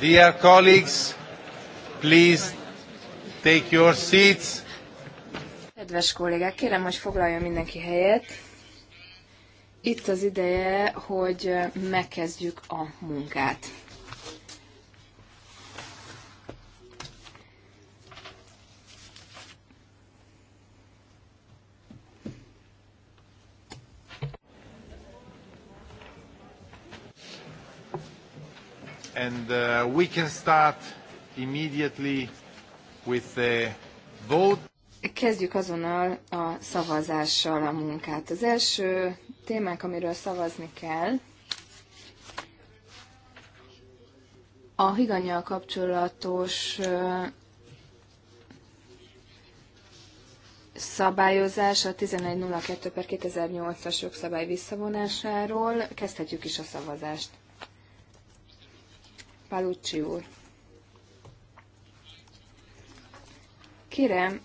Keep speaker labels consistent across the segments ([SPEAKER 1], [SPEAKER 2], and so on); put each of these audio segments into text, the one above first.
[SPEAKER 1] Dear colleagues, please take your seats.
[SPEAKER 2] Kedves kollégák, kérem, hogy foglaljon mindenki helyet. Itt az ideje, hogy megkezdjük a munkát.
[SPEAKER 1] and uh, we can start immediately with the vote. Kezdjük
[SPEAKER 2] azonnal a szavazással a munkát. Az első témák, amiről szavazni kell, a higanyjal kapcsolatos uh, szabályozás a 1102 per 2008-as jogszabály visszavonásáról. Kezdhetjük is a szavazást. Palucci úr. Kérem,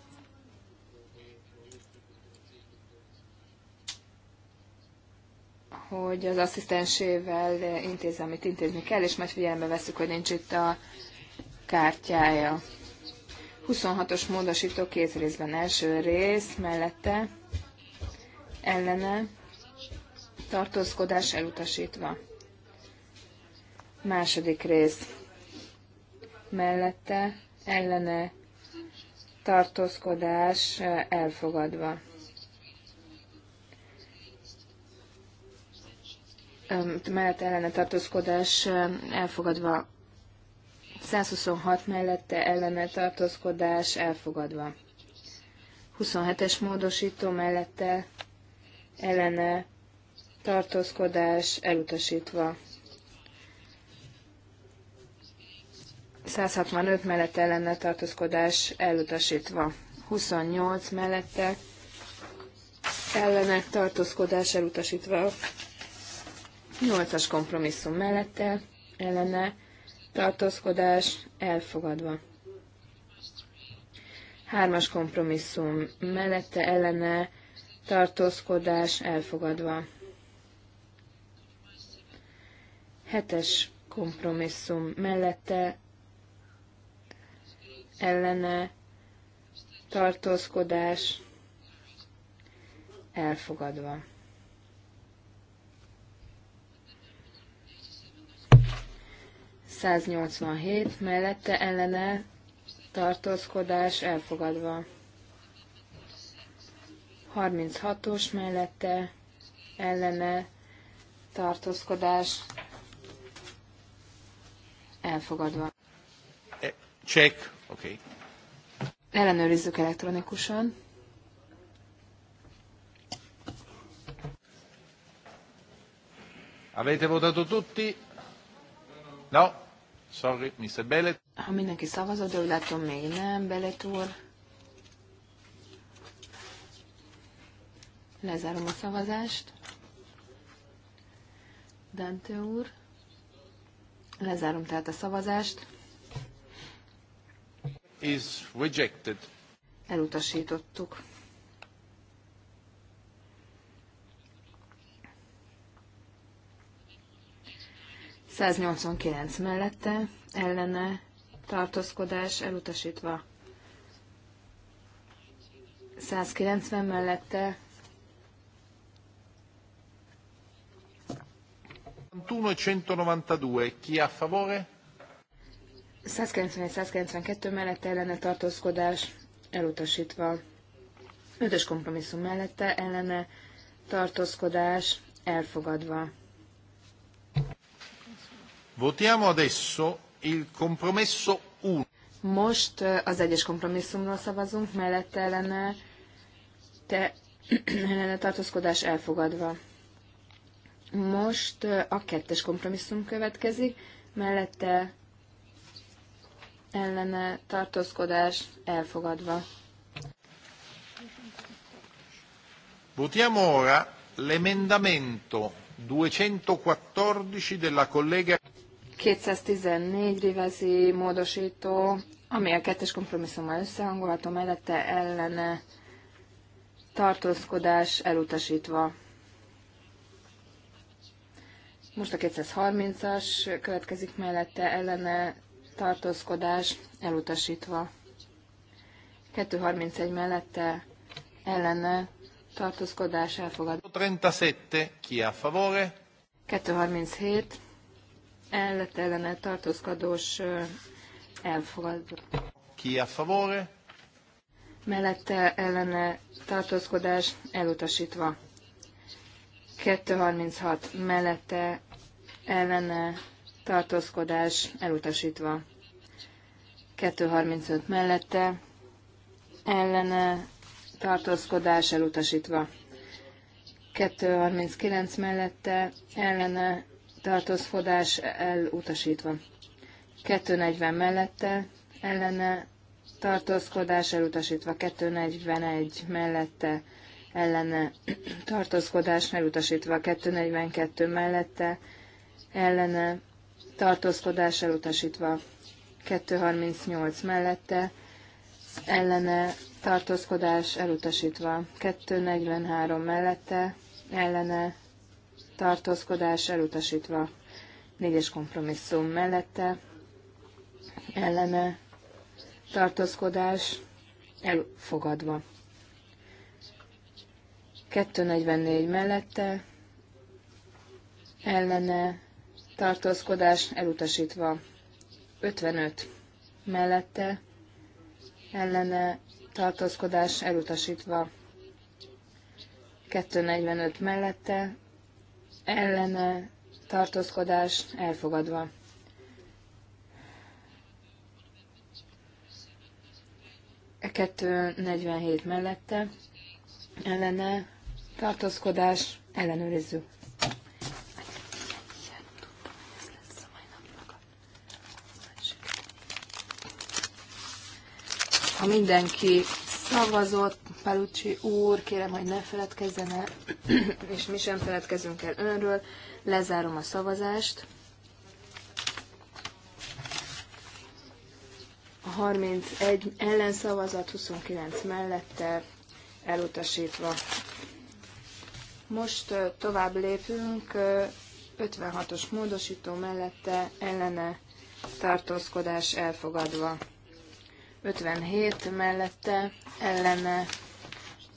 [SPEAKER 2] hogy az asszisztensével intézze, amit intézni kell, és majd figyelembe veszük, hogy nincs itt a kártyája. 26-os módosító két részben első rész, mellette, ellene, tartózkodás elutasítva. Második rész mellette ellene tartózkodás elfogadva. Mellette ellene tartózkodás elfogadva. 126 mellette ellene tartózkodás elfogadva. 27-es módosító mellette ellene tartózkodás elutasítva. 165 mellett ellenne tartózkodás elutasítva. 28 mellette ellene tartózkodás elutasítva. 8-as kompromisszum mellette ellene tartózkodás elfogadva. 3-as kompromisszum mellette ellene tartózkodás elfogadva. 7-es kompromisszum mellette ellene tartózkodás elfogadva. hét mellette ellene tartózkodás elfogadva. 36-os mellette ellene tartózkodás elfogadva.
[SPEAKER 1] Check Okay.
[SPEAKER 2] Ellenőrizzük elektronikusan.
[SPEAKER 1] Avete votato tutti? No? Sorry, Mr. Bellet.
[SPEAKER 2] Ha mindenki szavazott, de úgy látom még nem, Bellet úr. Lezárom a szavazást. Dante úr. Lezárom tehát a szavazást
[SPEAKER 1] is rejected.
[SPEAKER 2] Elutasítottuk. Száznyolcvankilenc mellette, ellene, tartózkodás elutasítva. 190 mellette.
[SPEAKER 1] 191-192, chi a favore?
[SPEAKER 2] 191-192 mellette ellene tartózkodás elutasítva. 5 kompromisszum mellette ellene tartózkodás elfogadva.
[SPEAKER 1] Votiamo adesso il compromesso
[SPEAKER 2] 1. Most eh, az egyes kompromisszumról szavazunk, mellette ellene, te, ellene tartózkodás elfogadva. Most eh, a kettes kompromisszum következik, mellette ellene tartózkodás elfogadva.
[SPEAKER 1] Votiamo ora l'emendamento 214 della collega
[SPEAKER 2] 214 rivezi módosító, ami a kettes kompromisszummal összehangolható, mellette ellene tartózkodás elutasítva. Most a 230-as következik mellette ellene tartózkodás elutasítva. 231 mellette ellene tartózkodás elfogadva.
[SPEAKER 1] 37 ki a favore.
[SPEAKER 2] 237 mellette ellene tartózkodós elfogadva.
[SPEAKER 1] Ki a favore?
[SPEAKER 2] Mellette ellene tartózkodás elutasítva. 236 mellette ellene tartózkodás elutasítva. 235 mellette ellene tartózkodás elutasítva. 239 mellette ellene tartózkodás elutasítva. 240 mellette ellene tartózkodás elutasítva. 241 mellette ellene tartózkodás elutasítva. 242 mellette ellene tartózkodás elutasítva. 238 mellette ellene tartózkodás elutasítva. 243 mellette ellene tartózkodás elutasítva. 4-es kompromisszum mellette ellene tartózkodás elfogadva. 244 mellette ellene tartózkodás elutasítva. 55 mellette ellene tartózkodás elutasítva. 245 mellette ellene tartózkodás elfogadva. E 247 mellette ellene tartózkodás ellenőrizzük. Ha mindenki szavazott, Pelucsi úr, kérem, hogy ne feledkezzen el, és mi sem feledkezünk el önről. Lezárom a szavazást. A 31 ellenszavazat, 29 mellette elutasítva. Most tovább lépünk, 56-os módosító mellette ellene tartózkodás elfogadva. 57 mellette ellene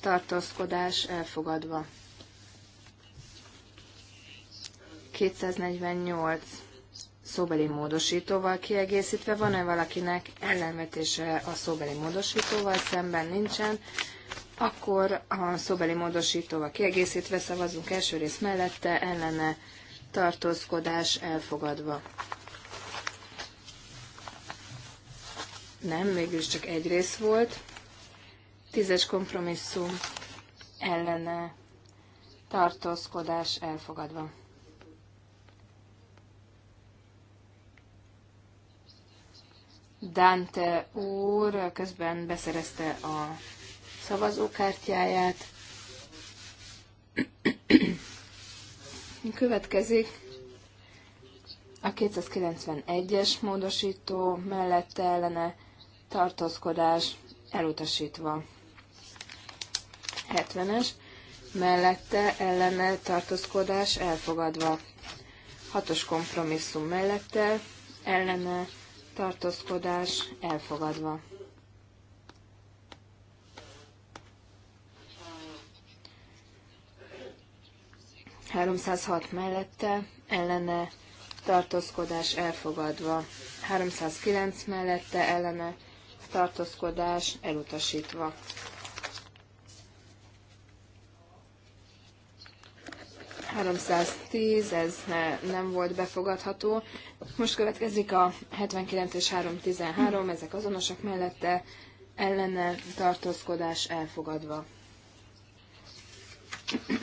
[SPEAKER 2] tartózkodás elfogadva. 248 szóbeli módosítóval kiegészítve. Van-e valakinek ellenvetése a szóbeli módosítóval szemben nincsen? Akkor a szóbeli módosítóval kiegészítve szavazunk első rész mellette, ellene tartózkodás elfogadva. Nem, mégis csak egy rész volt. Tízes kompromisszum ellene tartózkodás elfogadva. Dante úr közben beszerezte a szavazókártyáját. Következik a 291-es módosító mellette ellene tartózkodás elutasítva. 70-es, mellette ellene tartózkodás elfogadva. 6-os kompromisszum mellette ellene tartózkodás elfogadva. Háromszázhat mellette ellene tartózkodás elfogadva. 309 mellette ellene tartózkodás elutasítva. ...310, ez ne, nem volt befogadható. Most következik a 79 és 313, ezek azonosak mellette, ellene tartózkodás elfogadva.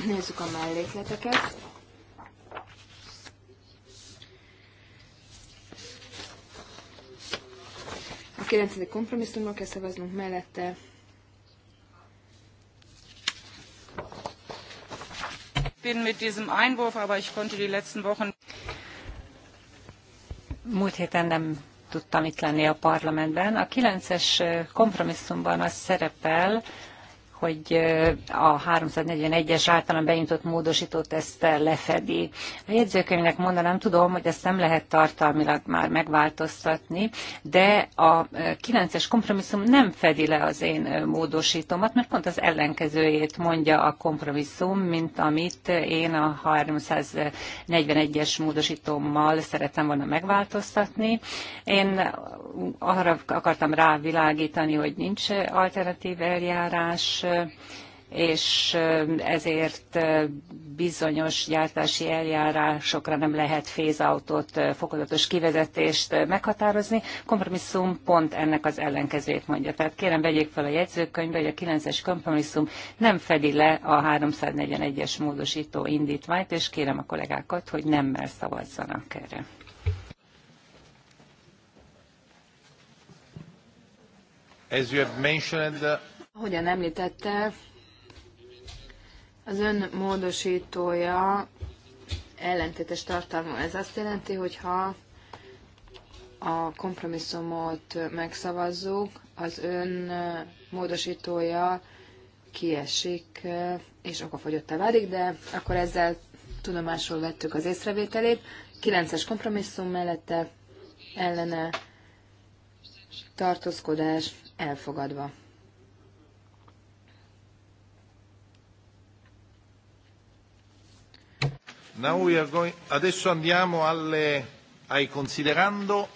[SPEAKER 2] Nézzük a mellékleteket. A 9. kompromisszumról kell szavaznunk mellette.
[SPEAKER 3] bin mit diesem Einwurf, aber ich konnte die letzten Wochen. Múlt héten nem tudtam itt lenni a parlamentben. A 9-es eh, kompromisszumban az szerepel, hogy a 341-es általán beintott módosítót ezt lefedi. A jegyzőkönyvnek mondanám, tudom, hogy ezt nem lehet tartalmilag már megváltoztatni, de a 9-es kompromisszum nem fedi le az én módosítomat, mert pont az ellenkezőjét mondja a kompromisszum, mint amit én a 341-es módosítommal szeretem volna megváltoztatni. Én arra akartam rávilágítani, hogy nincs alternatív eljárás, és eh, ezért eh, bizonyos gyártási eljárásokra nem lehet fézautót, eh, fokozatos kivezetést meghatározni. Kompromisszum pont ennek az ellenkezőjét mondja. Tehát kérem, vegyék fel a jegyzőkönyvbe, hogy a 9-es kompromisszum nem fedi le a 341-es módosító indítványt, és kérem a kollégákat, hogy nemmel szavazzanak erre.
[SPEAKER 1] As you have mentioned,
[SPEAKER 3] Ahogyan említette,
[SPEAKER 2] az ön módosítója ellentétes tartalmú. Ez azt jelenti, hogy ha a kompromisszumot megszavazzuk, az ön módosítója kiesik és okafogyottá válik, de akkor ezzel tudomásul vettük az észrevételét. 9-es kompromisszum mellette ellene tartózkodás elfogadva.
[SPEAKER 1] Now we are going... Adesso andiamo alle... ai considerando.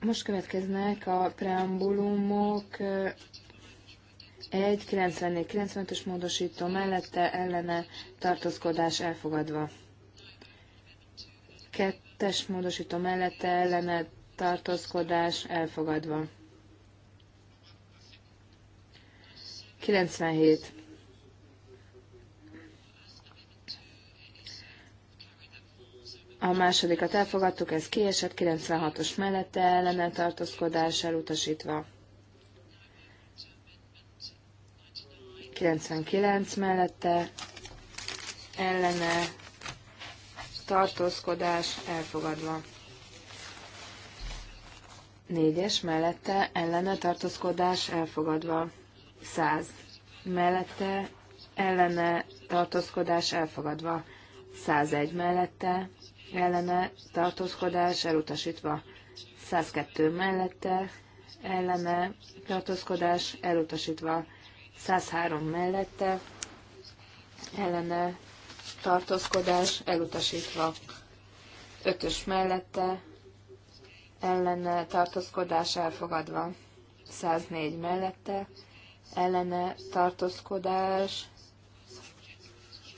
[SPEAKER 2] Most következnek a preambulumok 1, 94, 95-ös módosító mellette ellene tartózkodás elfogadva. Kettes módosító mellette ellene tartózkodás elfogadva. 97 A másodikat elfogadtuk, ez kiesett, 96-os mellette ellene tartózkodás elutasítva. 99 mellette ellene tartózkodás elfogadva. 4-es mellette ellene tartózkodás elfogadva. 100 mellette ellene tartózkodás elfogadva. 101 mellette ellene tartózkodás elutasítva. 102 mellette ellene tartózkodás elutasítva. 103 mellette ellene tartózkodás elutasítva. 5-ös mellette ellene tartózkodás elfogadva. 104 mellette ellene tartózkodás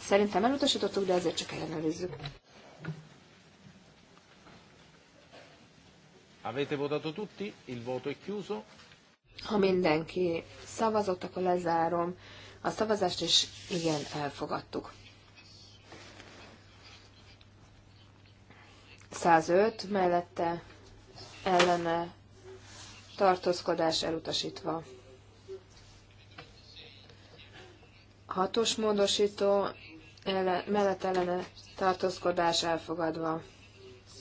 [SPEAKER 2] Szerintem elutasítottuk, de ezért csak ellenőrizzük.
[SPEAKER 1] Avete votato tutti? Il voto è chiuso.
[SPEAKER 2] Ha mindenki szavazott, akkor lezárom a szavazást, és igen, elfogadtuk. 105 mellette ellene tartózkodás elutasítva. Hatos módosító ellen, mellett ellene tartózkodás elfogadva.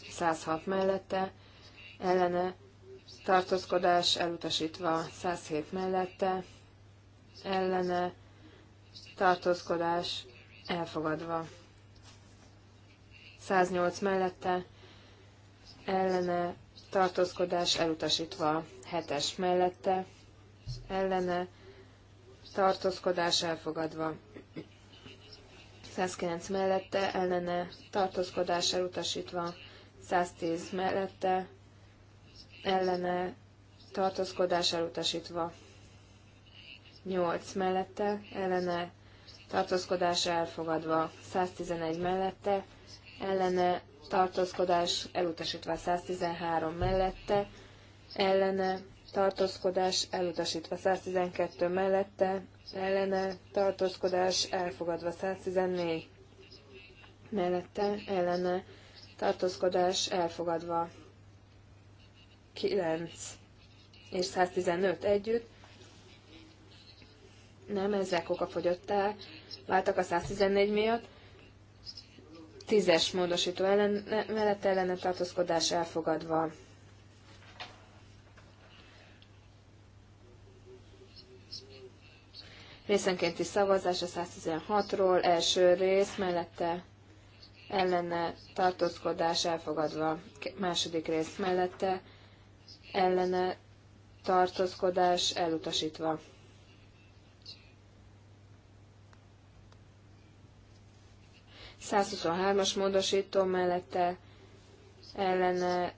[SPEAKER 2] 106 mellette ellene tartózkodás elutasítva 107 mellette, ellene tartózkodás elfogadva. 108 mellette, ellene tartózkodás elutasítva 7-es mellette, ellene tartózkodás elfogadva. 109 mellette, ellene tartózkodás elutasítva, 110 mellette, ellene tartózkodás elutasítva. 8 mellette ellene tartózkodás elfogadva. 111 mellette ellene tartózkodás elutasítva. 113 mellette ellene tartózkodás elutasítva. 112 mellette ellene tartózkodás elfogadva. 114 mellette ellene tartózkodás elfogadva. 9 és 115 együtt. Nem, ezek okafogyottá váltak a 114 miatt. Tízes módosító ellen, mellett ellene tartózkodás elfogadva. Részenkénti szavazás a 116-ról, első rész, mellette ellene tartózkodás elfogadva, második rész mellette ellene tartozkodás elutasítva. as módosító mellette ellene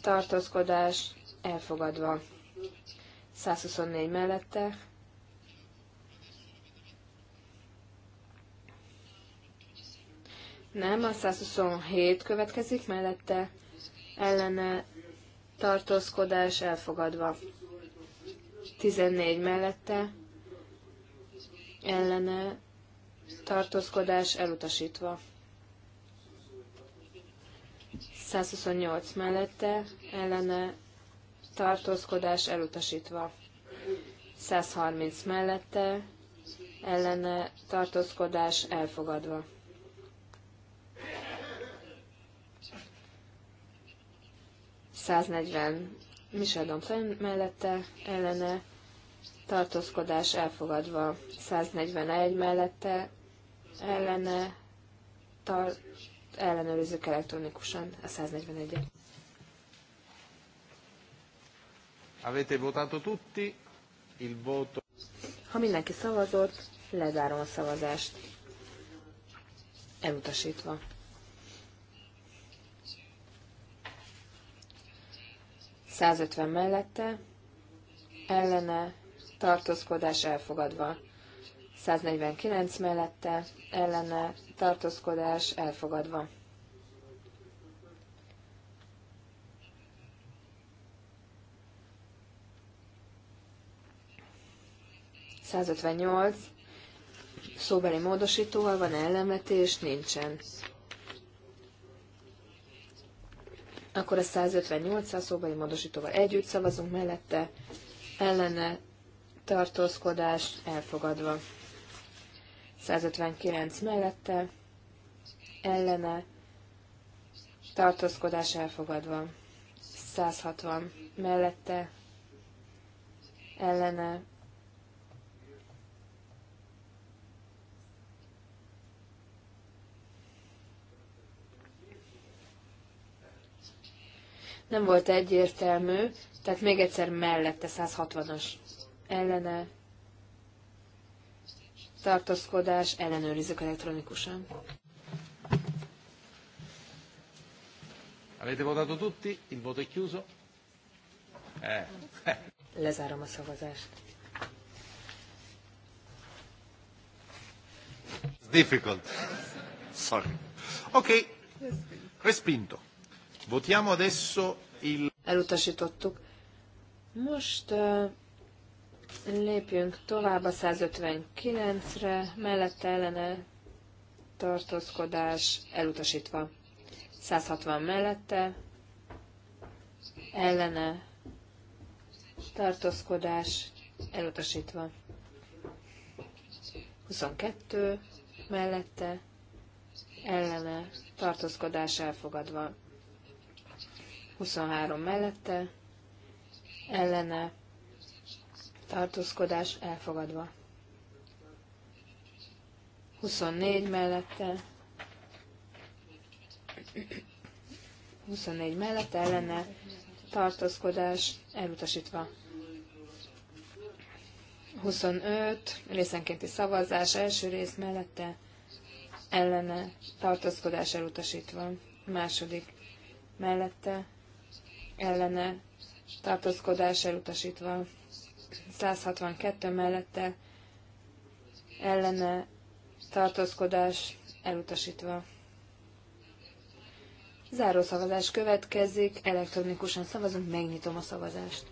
[SPEAKER 2] tartózkodás elfogadva. 124 mellette Nem, a 127 következik, mellette ellene tartózkodás elfogadva. 14 mellette ellene tartózkodás elutasítva. 128 mellette ellene tartózkodás elutasítva. 130 mellette ellene tartózkodás elfogadva. 140 Michel Dompen mellette ellene tartózkodás elfogadva. 141 mellette ellene tar- ellenőrizzük elektronikusan a 141-et.
[SPEAKER 1] Avete votato tutti il voto.
[SPEAKER 2] Ha mindenki szavazott, lezárom a szavazást. Elutasítva. 150 mellette, ellene, tartózkodás elfogadva. 149 mellette, ellene, tartózkodás elfogadva. Százötvennyolc szóbeli módosítóval van ellenvetés, nincsen. Akkor a 158-as szóbeli módosítóval együtt szavazunk mellette, ellene tartózkodás elfogadva. 159 mellette, ellene tartózkodás elfogadva. 160 mellette, ellene nem volt egyértelmű, tehát még egyszer mellette 160-as ellene tartózkodás, ellenőrizzük elektronikusan.
[SPEAKER 1] Avete votato tutti? Il voto è chiuso? Eh.
[SPEAKER 2] Lezárom a szavazást.
[SPEAKER 1] It's difficult. Sorry. Okay. Respinto. Votiamo adesso il... Elutasítottuk. Most uh, lépjünk
[SPEAKER 2] tovább a 159-re, mellette ellene tartózkodás elutasítva. 160 mellette, ellene tartózkodás elutasítva. 22 mellette, ellene tartózkodás elfogadva. 23 mellette, ellene, tartózkodás elfogadva. 24 mellette, 24 mellette ellene, tartózkodás elutasítva. 25 részenkénti szavazás első rész mellette, ellene, tartózkodás elutasítva. Második mellette, ellene tartózkodás elutasítva. 162 mellette ellene tartózkodás elutasítva. Záró szavazás következik, elektronikusan szavazunk, megnyitom a szavazást.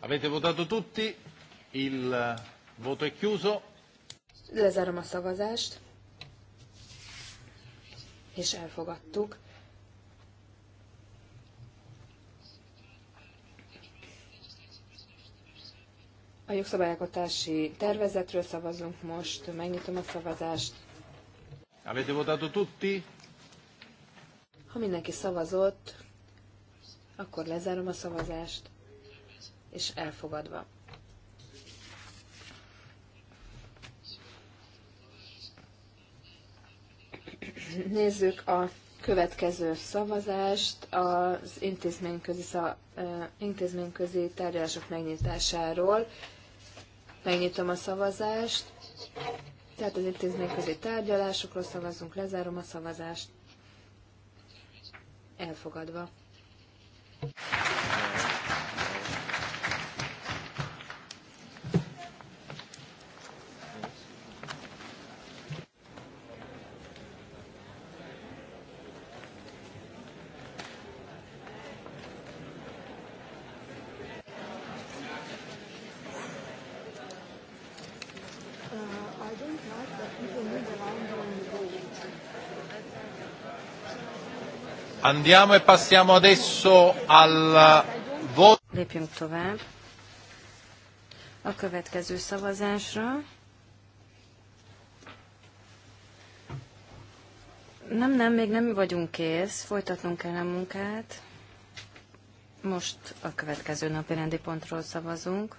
[SPEAKER 1] Avete votato tutti, il voto è chiuso.
[SPEAKER 2] Lezárom a szavazást és elfogadtuk. A jogszabályalkotási tervezetről szavazunk most, megnyitom a szavazást.
[SPEAKER 1] Avete votato tutti?
[SPEAKER 2] Ha mindenki szavazott, akkor lezárom a szavazást, és elfogadva. Nézzük a következő szavazást az intézményközi, szav, intézményközi tárgyalások megnyitásáról. Megnyitom a szavazást. Tehát az intézményközi tárgyalásokról szavazunk, lezárom a szavazást. Elfogadva.
[SPEAKER 1] Andiamo e passiamo adesso al voto. Lépjünk tovább a
[SPEAKER 4] következő szavazásra. Nem, nem, még nem vagyunk kész, folytatnunk kell a munkát. Most a következő napi rendi pontról szavazunk.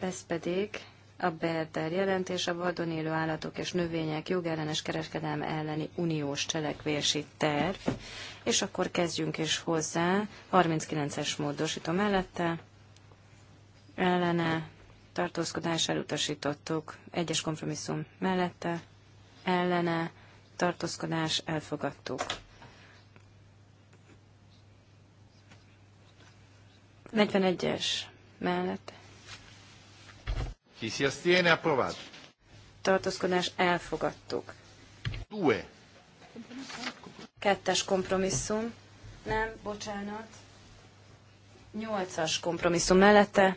[SPEAKER 4] Ez pedig a Berder jelentés a vadon élő állatok és növények jogellenes kereskedelme elleni uniós cselekvési terv. És akkor kezdjünk is hozzá. 39-es módosító mellette ellene tartózkodás elutasítottuk. Egyes kompromisszum mellette ellene tartózkodás elfogadtuk. 41-es mellette
[SPEAKER 1] Chi si astiene approvato.
[SPEAKER 4] Tartózkodás elfogadtuk. Due. Kettes kompromisszum. Nem, bocsánat. Nyolcas kompromisszum mellette.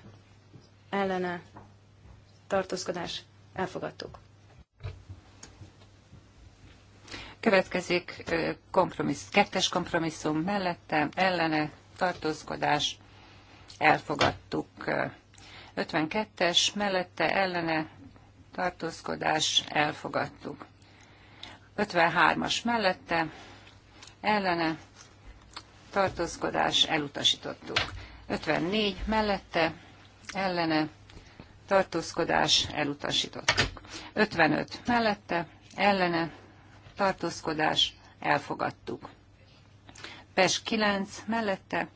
[SPEAKER 3] Ellene. Tartózkodás elfogadtuk. Következik kompromissz, kettes kompromisszum mellette, ellene, tartózkodás, elfogadtuk. 52-es mellette ellene tartózkodás elfogadtuk. 53-as mellette ellene tartózkodás elutasítottuk. 54 mellette ellene tartózkodás elutasítottuk. 55 mellette ellene tartózkodás elfogadtuk. PES 9 mellette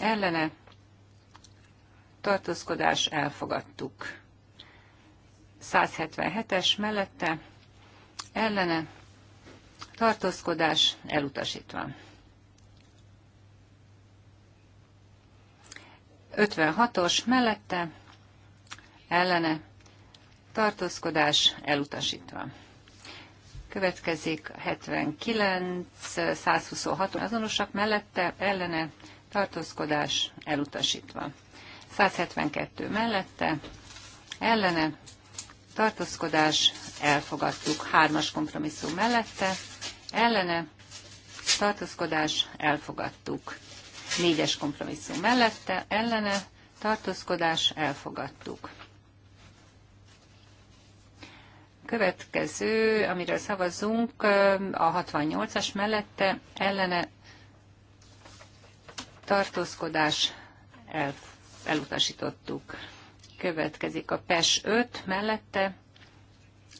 [SPEAKER 3] ellene tartózkodás elfogadtuk. 177-es mellette ellene tartózkodás elutasítva. 56-os mellette ellene tartózkodás elutasítva. Következik 79, 126 azonosak mellette ellene tartózkodás elutasítva. 172 mellette, ellene, tartózkodás, elfogadtuk. Hármas kompromisszum mellette, ellene, tartózkodás, elfogadtuk. Négyes kompromisszum mellette, ellene, tartózkodás, elfogadtuk. Következő, amiről szavazunk, a 68-as mellette, ellene, tartózkodás, elfogadtuk elutasítottuk. Következik a PES 5 mellette,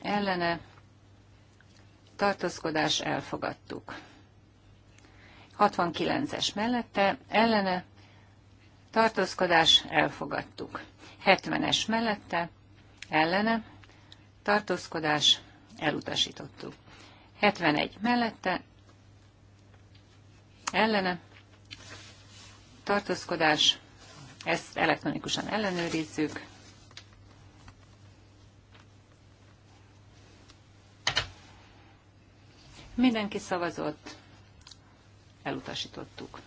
[SPEAKER 3] ellene tartózkodás elfogadtuk. 69-es mellette, ellene tartózkodás elfogadtuk. 70-es mellette, ellene tartózkodás elutasítottuk. 71 mellette, ellene tartózkodás ezt elektronikusan ellenőrizzük. Mindenki szavazott, elutasítottuk.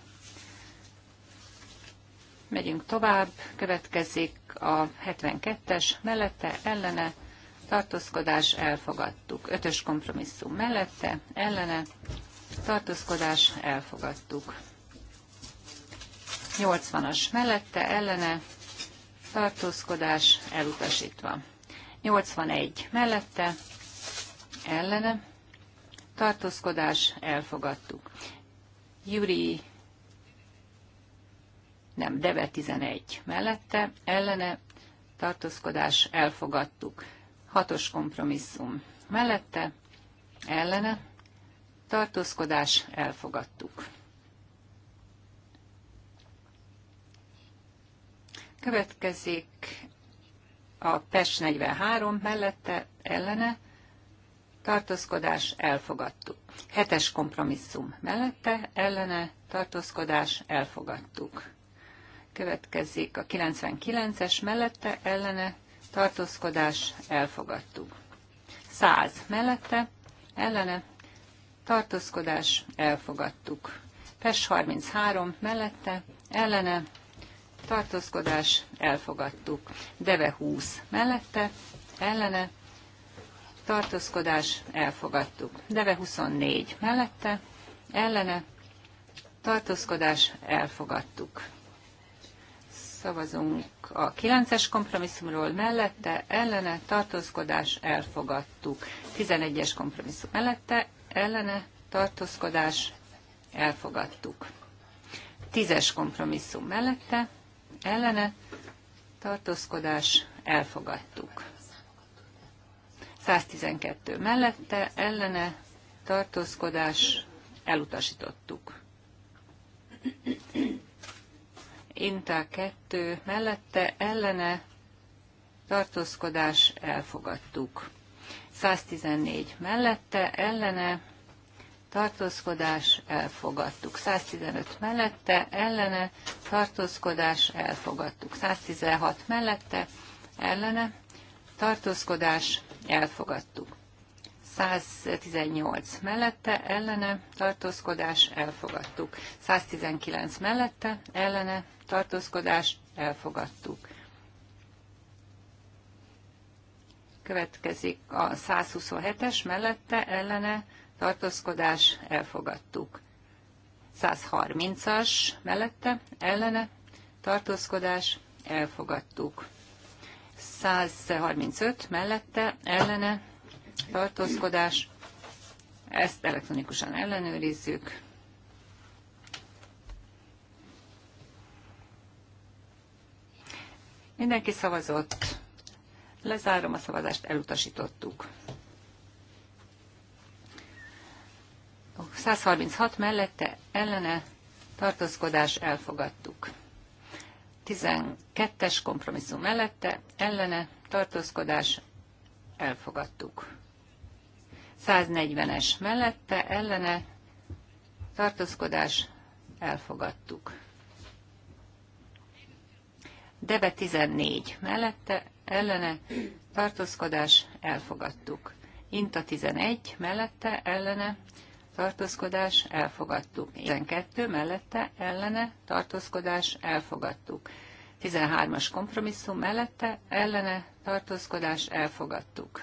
[SPEAKER 3] Megyünk tovább, következik a 72-es, mellette, ellene, tartózkodás, elfogadtuk. Ötös kompromisszum mellette, ellene, tartózkodás, elfogadtuk. 80-as mellette ellene tartózkodás elutasítva. 81 mellette ellene tartózkodás elfogadtuk. Júri nem, Deve 11 mellette ellene tartózkodás elfogadtuk. Hatos kompromisszum mellette ellene tartózkodás elfogadtuk. Következik a PES 43 mellette ellene tartózkodás elfogadtuk. Hetes kompromisszum mellette ellene tartózkodás elfogadtuk. Következik a 99-es mellette ellene tartózkodás elfogadtuk. 100 mellette ellene tartózkodás elfogadtuk. PES 33 mellette ellene tartózkodás, elfogadtuk. Deve 20 mellette, ellene, tartózkodás, elfogadtuk. Deve 24 mellette, ellene, tartózkodás, elfogadtuk. Szavazunk a 9-es kompromisszumról mellette, ellene, tartózkodás, elfogadtuk. 11-es kompromisszum mellette, ellene, tartózkodás, elfogadtuk. 10-es kompromisszum mellette, ellene tartózkodás elfogadtuk. 112 mellette ellene tartózkodás elutasítottuk. Intá 2 mellette ellene tartózkodás elfogadtuk. 114 mellette ellene tartózkodás, elfogadtuk. 115 mellette, ellene, tartózkodás, elfogadtuk. 116 mellette, ellene, tartózkodás, elfogadtuk. 118 mellette, ellene, tartózkodás, elfogadtuk. 119 mellette, ellene, tartózkodás, elfogadtuk. Következik a 127-es mellette, ellene, tartózkodás, elfogadtuk. 130-as mellette, ellene, tartózkodás, elfogadtuk. 135 mellette, ellene, tartózkodás, ezt elektronikusan ellenőrizzük. Mindenki szavazott. Lezárom a szavazást, elutasítottuk. 136 mellette ellene tartózkodás elfogadtuk. 12-es kompromisszum mellette ellene tartózkodás elfogadtuk. 140-es mellette ellene tartózkodás elfogadtuk. Debe 14 mellette ellene tartózkodás elfogadtuk. Inta 11 mellette ellene tartózkodás, elfogadtuk. 12 mellette, ellene, tartózkodás, elfogadtuk. 13-as kompromisszum mellette, ellene, tartózkodás, elfogadtuk.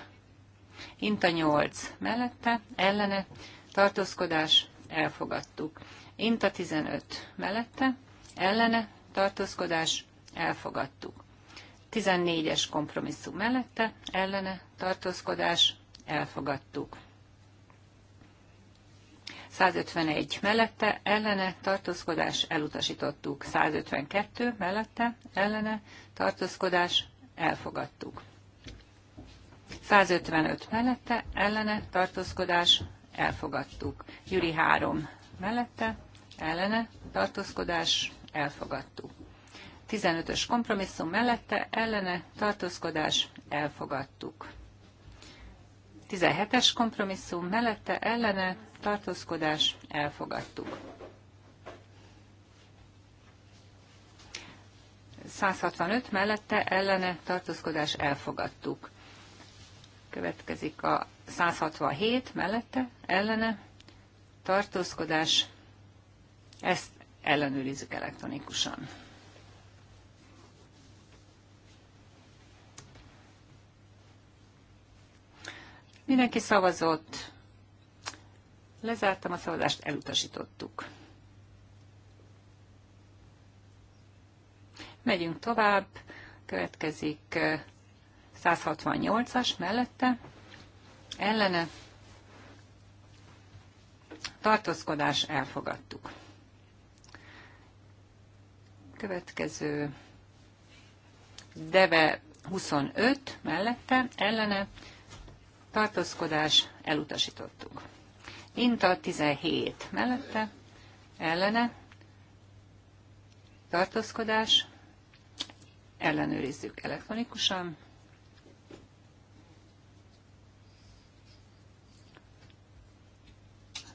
[SPEAKER 3] Inta 8 mellette, ellene, tartózkodás, elfogadtuk. Inta 15 mellette, ellene, tartózkodás, elfogadtuk. 14-es kompromisszum mellette, ellene, tartózkodás, elfogadtuk. 151 mellette, ellene, tartózkodás, elutasítottuk. 152 mellette, ellene, tartózkodás, elfogadtuk. 155 mellette, ellene, tartózkodás, elfogadtuk. Gyuri 3 mellette, ellene, tartózkodás, elfogadtuk. 15-ös kompromisszum mellette, ellene, tartózkodás, elfogadtuk. 17-es kompromisszum mellette, ellene, tartózkodás, elfogadtuk. 165 mellette ellene tartózkodás elfogadtuk. Következik a 167 mellette ellene tartózkodás. Ezt ellenőrizzük elektronikusan. Mindenki szavazott, Lezártam a szavazást, elutasítottuk. Megyünk tovább, következik 168-as eh, mellette, ellene tartózkodás elfogadtuk. Következő deve 25 mellette, ellene tartózkodás elutasítottuk. Inta 17 mellette, ellene, tartózkodás, ellenőrizzük elektronikusan.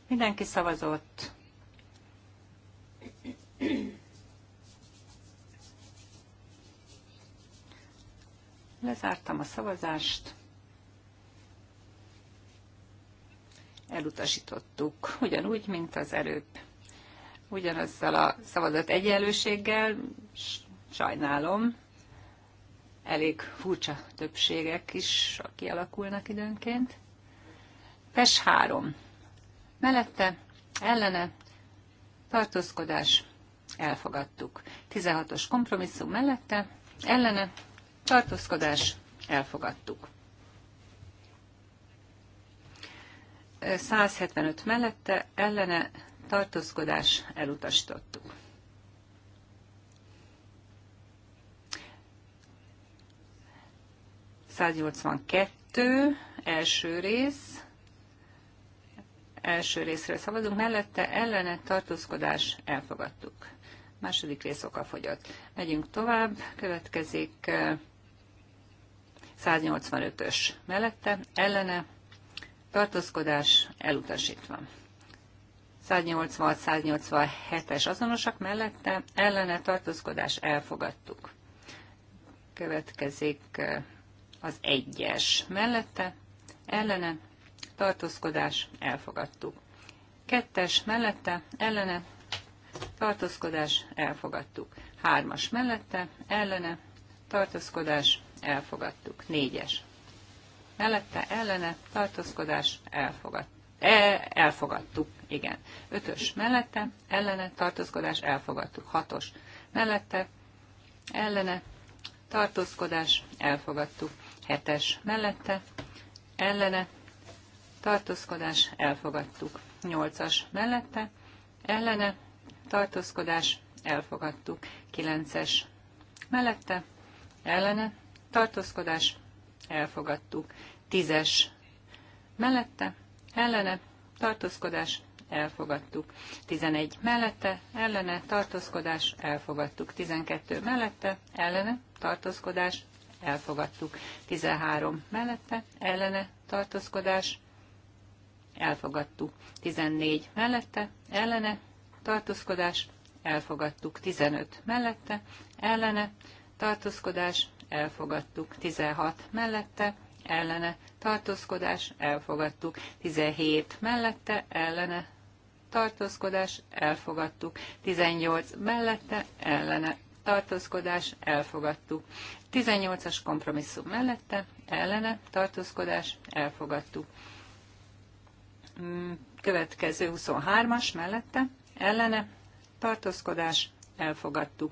[SPEAKER 3] Mindenki szavazott. Lezártam a szavazást. elutasítottuk, ugyanúgy, mint az előbb. Ugyanazzal a szavazat egyenlőséggel, sajnálom, elég furcsa többségek is kialakulnak időnként. PES 3. Mellette, ellene, tartózkodás, elfogadtuk. 16-os kompromisszum mellette, ellene, tartózkodás, elfogadtuk. 175 mellette ellene tartózkodás elutasítottuk. kettő első rész, első részre szavazunk, mellette ellene tartózkodás elfogadtuk. Második rész fogyott. Megyünk tovább, következik 185-ös eh, mellette, ellene tartózkodás elutasítva. 186-187-es azonosak mellette ellene tartózkodás elfogadtuk. Következik eh, az egyes mellette, ellene tartózkodás elfogadtuk. Kettes mellette, ellene tartózkodás elfogadtuk. Hármas mellette, ellene tartózkodás elfogadtuk. Négyes mellette ellene tartózkodás elfogad. E, elfogadtuk, igen. Ötös mellette ellene tartózkodás elfogadtuk. Hatos mellette ellene tartózkodás elfogadtuk. Hetes mellette ellene tartózkodás elfogadtuk. Nyolcas mellette ellene tartózkodás elfogadtuk. Kilences mellette ellene tartózkodás elfogadtuk. Tízes mellette, ellene, tartózkodás, elfogadtuk. tizenegy mellette, ellene, tartózkodás, elfogadtuk. tizenkettő mellette, ellene, tartózkodás, elfogadtuk. tizenhárom mellette, ellene, tartózkodás, elfogadtuk. tizennégy mellette, ellene, tartózkodás, elfogadtuk. tizenöt mellette, ellene, tartózkodás, elfogadtuk. 16 mellette, ellene, tartózkodás, elfogadtuk. 17 mellette, ellene, tartózkodás, elfogadtuk. 18 mellette, ellene, tartózkodás, elfogadtuk. 18-as kompromisszum mellette, ellene, tartózkodás, elfogadtuk. Mm, következő 23-as mellette, ellene, tartózkodás, elfogadtuk.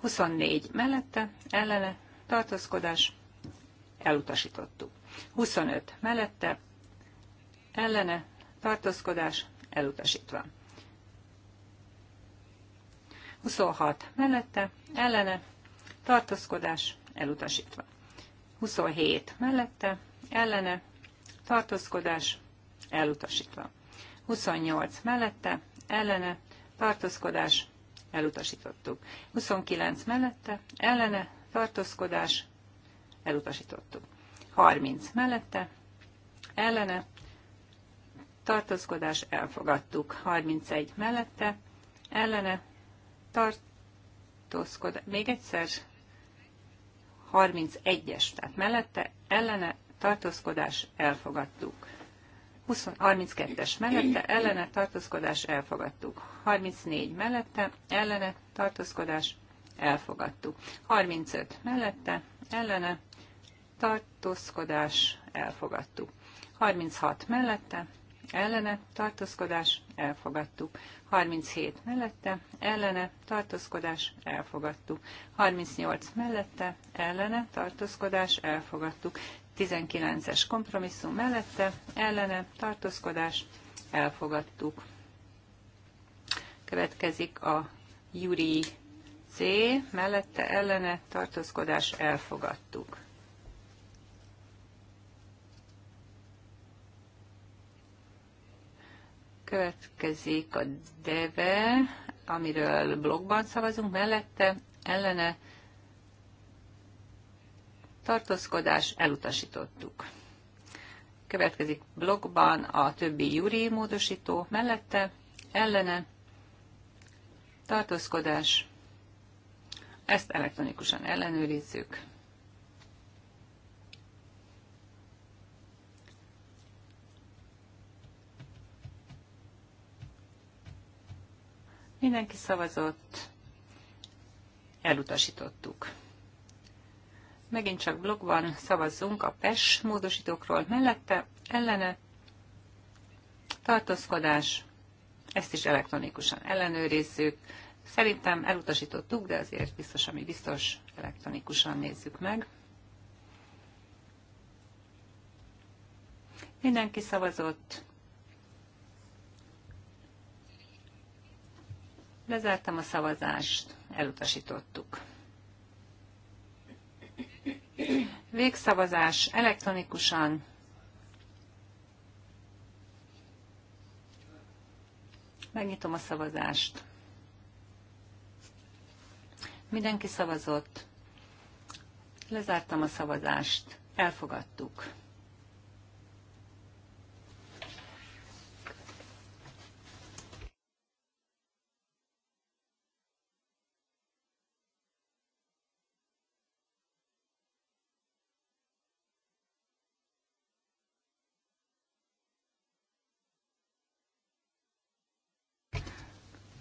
[SPEAKER 3] 24 mellette, ellene, tartózkodás, elutasítottuk. 25 mellette, ellene, tartózkodás, elutasítva. 26 mellette, ellene, tartózkodás, elutasítva. 27 mellette, ellene, tartózkodás, elutasítva. 28 mellette, ellene, tartózkodás, elutasítottuk. 29 mellette, ellene, tartózkodás, elutasítottuk. 30 mellette, ellene, tartózkodás, elfogadtuk. 31 mellette, ellene, tartózkodás, még egyszer, 31-es, tehát mellette, ellene, tartózkodás, elfogadtuk. 32-es mellette ellene tartózkodás elfogadtuk. 34 mellette ellene tartózkodás elfogadtuk. 35 mellette ellene tartózkodás elfogadtuk. 36 mellette ellene tartózkodás elfogadtuk. 37 mellette ellene tartózkodás elfogadtuk. 38 mellette ellene tartózkodás elfogadtuk. 19-es kompromisszum mellette, ellene, tartózkodás, elfogadtuk. Következik a Juri C, mellette, ellene, tartózkodás, elfogadtuk. Következik a DEVE, amiről blogban szavazunk, mellette, ellene, tartózkodás, elutasítottuk. Következik blogban a többi júri módosító mellette, ellene, tartózkodás, ezt elektronikusan ellenőrizzük. Mindenki szavazott, elutasítottuk megint csak blogban szavazzunk a PES módosítókról mellette, ellene, tartózkodás, ezt is elektronikusan ellenőrizzük. Szerintem elutasítottuk, de azért biztos, ami biztos, elektronikusan nézzük meg. Mindenki szavazott. Lezártam a szavazást, elutasítottuk. Végszavazás elektronikusan. Megnyitom a szavazást. Mindenki szavazott. Lezártam a szavazást. Elfogadtuk.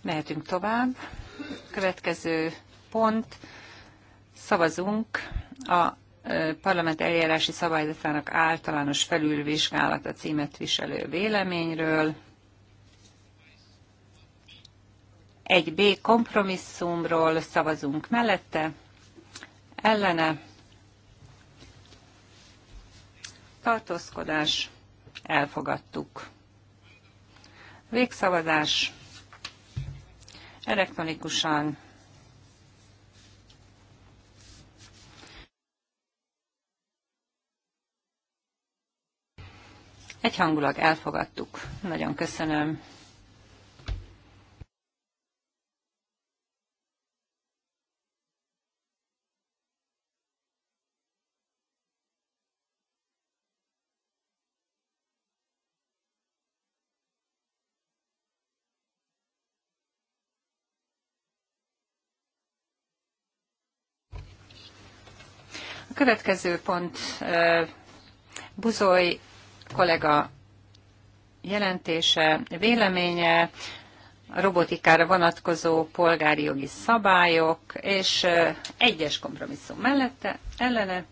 [SPEAKER 3] Mehetünk tovább. Következő pont. Szavazunk a parlament eljárási szabályzatának általános felülvizsgálata címet viselő véleményről. Egy B kompromisszumról szavazunk mellette, ellene, tartózkodás, elfogadtuk. Végszavazás elektronikusan. Egyhangulag elfogadtuk. Nagyon köszönöm. következő pont Buzoly kollega jelentése, véleménye, a robotikára vonatkozó polgári jogi szabályok, és egyes kompromisszum mellette ellene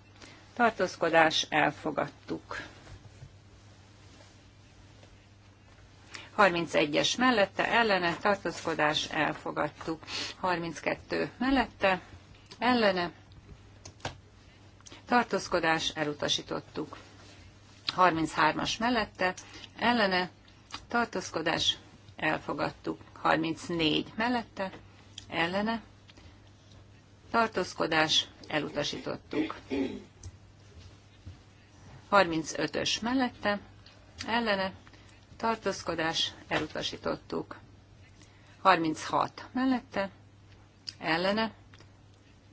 [SPEAKER 3] tartózkodás elfogadtuk. 31-es mellette ellene tartózkodás elfogadtuk. 32 mellette ellene tartózkodás elutasítottuk. 33-as mellette ellene tartózkodás elfogadtuk. 34 mellette ellene tartózkodás elutasítottuk. 35-ös mellette ellene tartózkodás elutasítottuk. 36 mellette ellene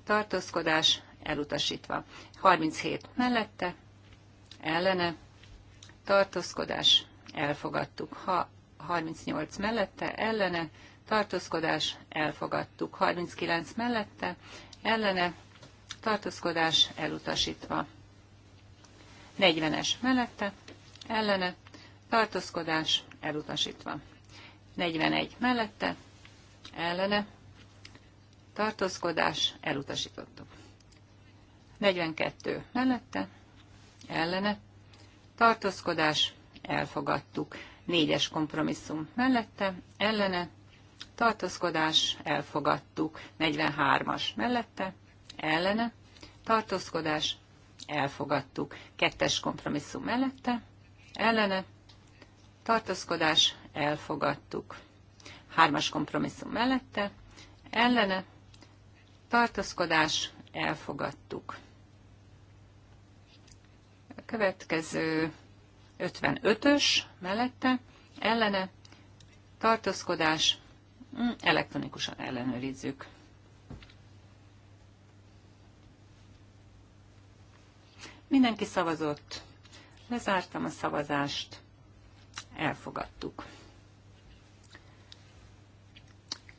[SPEAKER 3] tartózkodás elutasítva. 37 mellette, ellene, tartózkodás, elfogadtuk. Ha 38 mellette, ellene, tartózkodás, elfogadtuk. 39 mellette, ellene, tartózkodás, elutasítva. 40-es mellette, ellene, tartózkodás, elutasítva. 41 mellette, ellene, tartózkodás, elutasítottuk. 42 mellette, ellene, tartózkodás, elfogadtuk. Négyes kompromisszum mellette, ellene, tartózkodás, elfogadtuk. 43-as mellette, ellene, tartózkodás, elfogadtuk. Kettes kompromisszum mellette, ellene, tartózkodás, elfogadtuk. Hármas kompromisszum mellette, ellene, tartózkodás, elfogadtuk. Következő 55-ös mellette ellene tartózkodás mm, elektronikusan ellenőrizzük. Mindenki szavazott. Lezártam a szavazást. Elfogadtuk.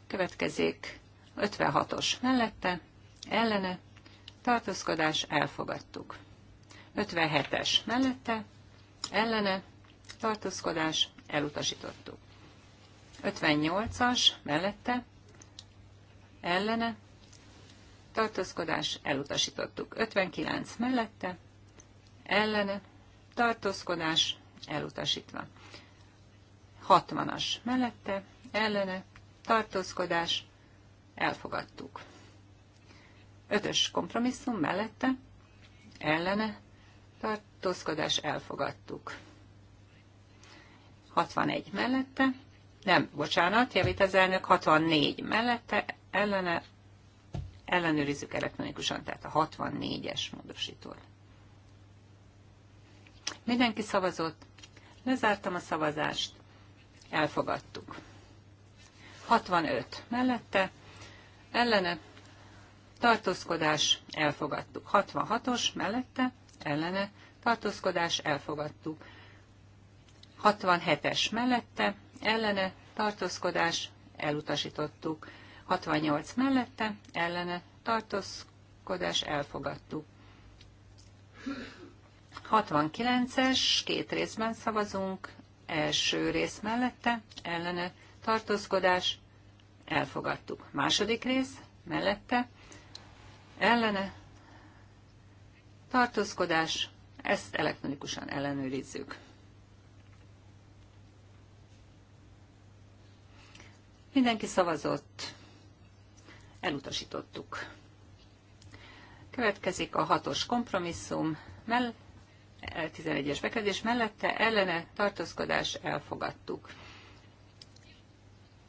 [SPEAKER 3] Következik 56-os mellette, ellene, tartózkodás, elfogadtuk. 57-es mellette, ellene, tartózkodás, elutasítottuk. 58-as mellette, ellene, tartózkodás, elutasítottuk. 59 mellette, ellene, tartózkodás, elutasítva. 60-as mellette, ellene, tartózkodás, elfogadtuk. Ötös kompromisszum mellette, ellene, tartózkodás elfogadtuk. 61 mellette, nem, bocsánat, javít az elnök, 64 mellette, ellene, ellenőrizzük elektronikusan, tehát a 64-es módosítót. Mindenki szavazott, lezártam a szavazást, elfogadtuk. 65 mellette, ellene, tartózkodás, elfogadtuk. 66-os mellette, ellene tartózkodás elfogadtuk. 67-es mellette ellene tartózkodás elutasítottuk. 68 mellette ellene tartózkodás elfogadtuk. 69-es, két részben szavazunk, első rész mellette ellene tartózkodás elfogadtuk. Második rész mellette ellene tartózkodás, ezt elektronikusan ellenőrizzük. Mindenki szavazott, elutasítottuk. Következik a hatos kompromisszum, mell 11-es eh, bekezdés mellette ellene tartózkodás elfogadtuk.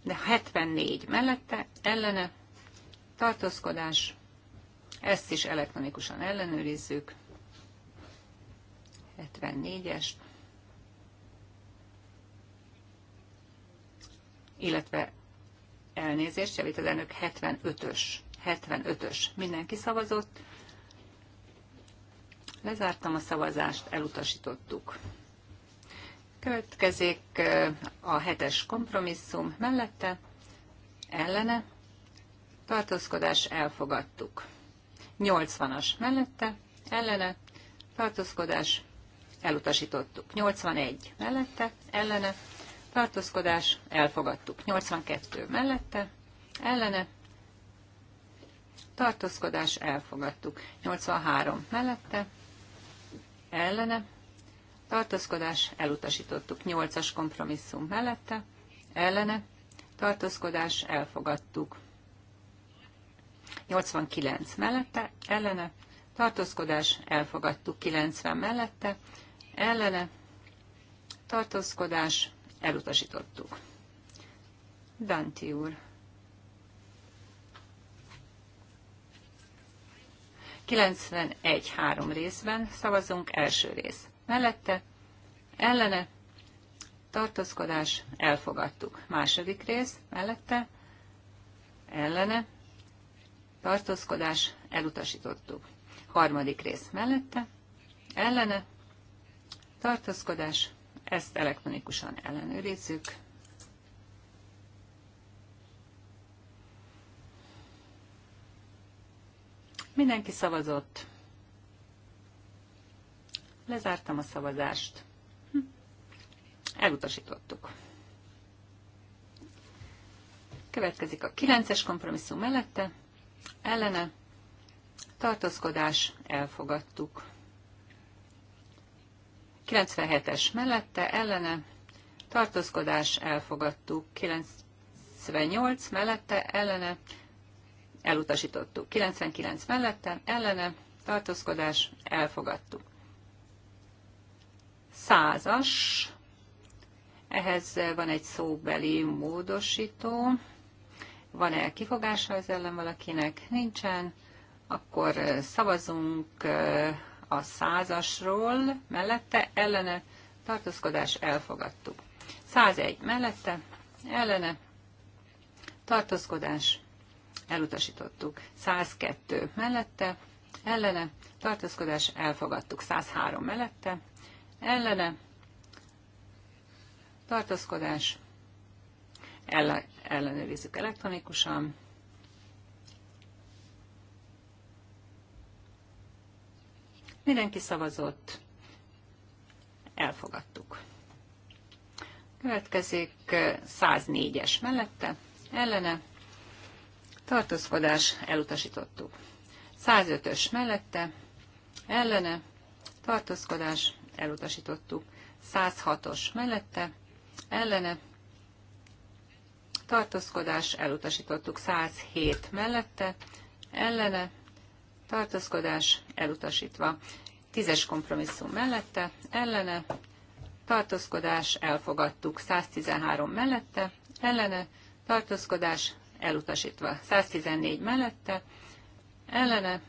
[SPEAKER 3] De 74 mellette ellene tartózkodás ezt is elektronikusan ellenőrizzük. 74-es. Illetve elnézést, javít az elnök 75-ös. 75-ös. Mindenki szavazott. Lezártam a szavazást, elutasítottuk. Következik eh, a hetes kompromisszum mellette, ellene, tartózkodás elfogadtuk. 80-as mellette, ellene, tartózkodás, elutasítottuk. 81 mellette, ellene, tartózkodás, elfogadtuk. 82 mellette, ellene, tartózkodás, elfogadtuk. 83 mellette, ellene, tartózkodás, elutasítottuk. 8-as kompromisszum mellette, ellene, tartózkodás, elfogadtuk. 89 mellette, ellene, tartózkodás, elfogadtuk 90 mellette, ellene, tartózkodás, elutasítottuk. Danti úr. 91 3 részben szavazunk első rész. Mellette, ellene, tartózkodás, elfogadtuk. Második rész, mellette, ellene, tartózkodás, elutasítottuk. Harmadik rész mellette, ellene, tartózkodás, ezt elektronikusan ellenőrizzük. Mindenki szavazott. Lezártam a szavazást. Hm. Elutasítottuk. Következik a 9-es kompromisszum mellette, ellene tartózkodás elfogadtuk. 97-es mellette ellene tartózkodás elfogadtuk. 98 mellette ellene elutasítottuk. 99 mellette ellene tartózkodás elfogadtuk. Százas, ehhez van egy szóbeli módosító. Van-e kifogása az ellen valakinek? Nincsen. Akkor szavazunk a százasról, mellette ellene tartózkodás elfogadtuk. 101 mellette ellene tartózkodás elutasítottuk. 102 mellette ellene tartózkodás elfogadtuk. 103 mellette ellene tartózkodás el, ellenőrizzük elektronikusan. Mindenki szavazott, elfogadtuk. Következik 104-es mellette, ellene, tartózkodás, elutasítottuk. 105-ös mellette, ellene, tartózkodás, elutasítottuk. 106-os mellette, ellene, tartózkodás, elutasítottuk 107 mellette, ellene, tartózkodás, elutasítva. Tízes kompromisszum mellette, ellene, tartózkodás, elfogadtuk 113 mellette, ellene, tartózkodás, elutasítva. 114 mellette, ellene,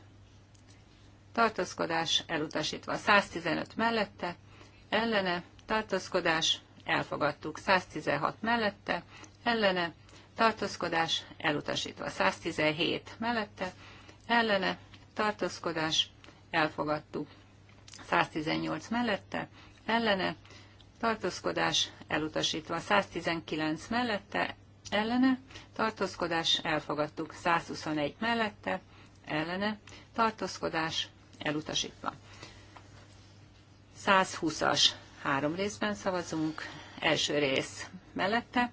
[SPEAKER 3] tartózkodás, elutasítva. 115 mellette, ellene, tartózkodás, elfogadtuk. 116 mellette, ellene, tartózkodás elutasítva. 117 mellette, ellene, tartózkodás elfogadtuk. 118 mellette, ellene, tartózkodás elutasítva. 119 mellette, ellene, tartózkodás elfogadtuk. 121 mellette, ellene, tartózkodás elutasítva. 120-as három részben szavazunk, első rész mellette,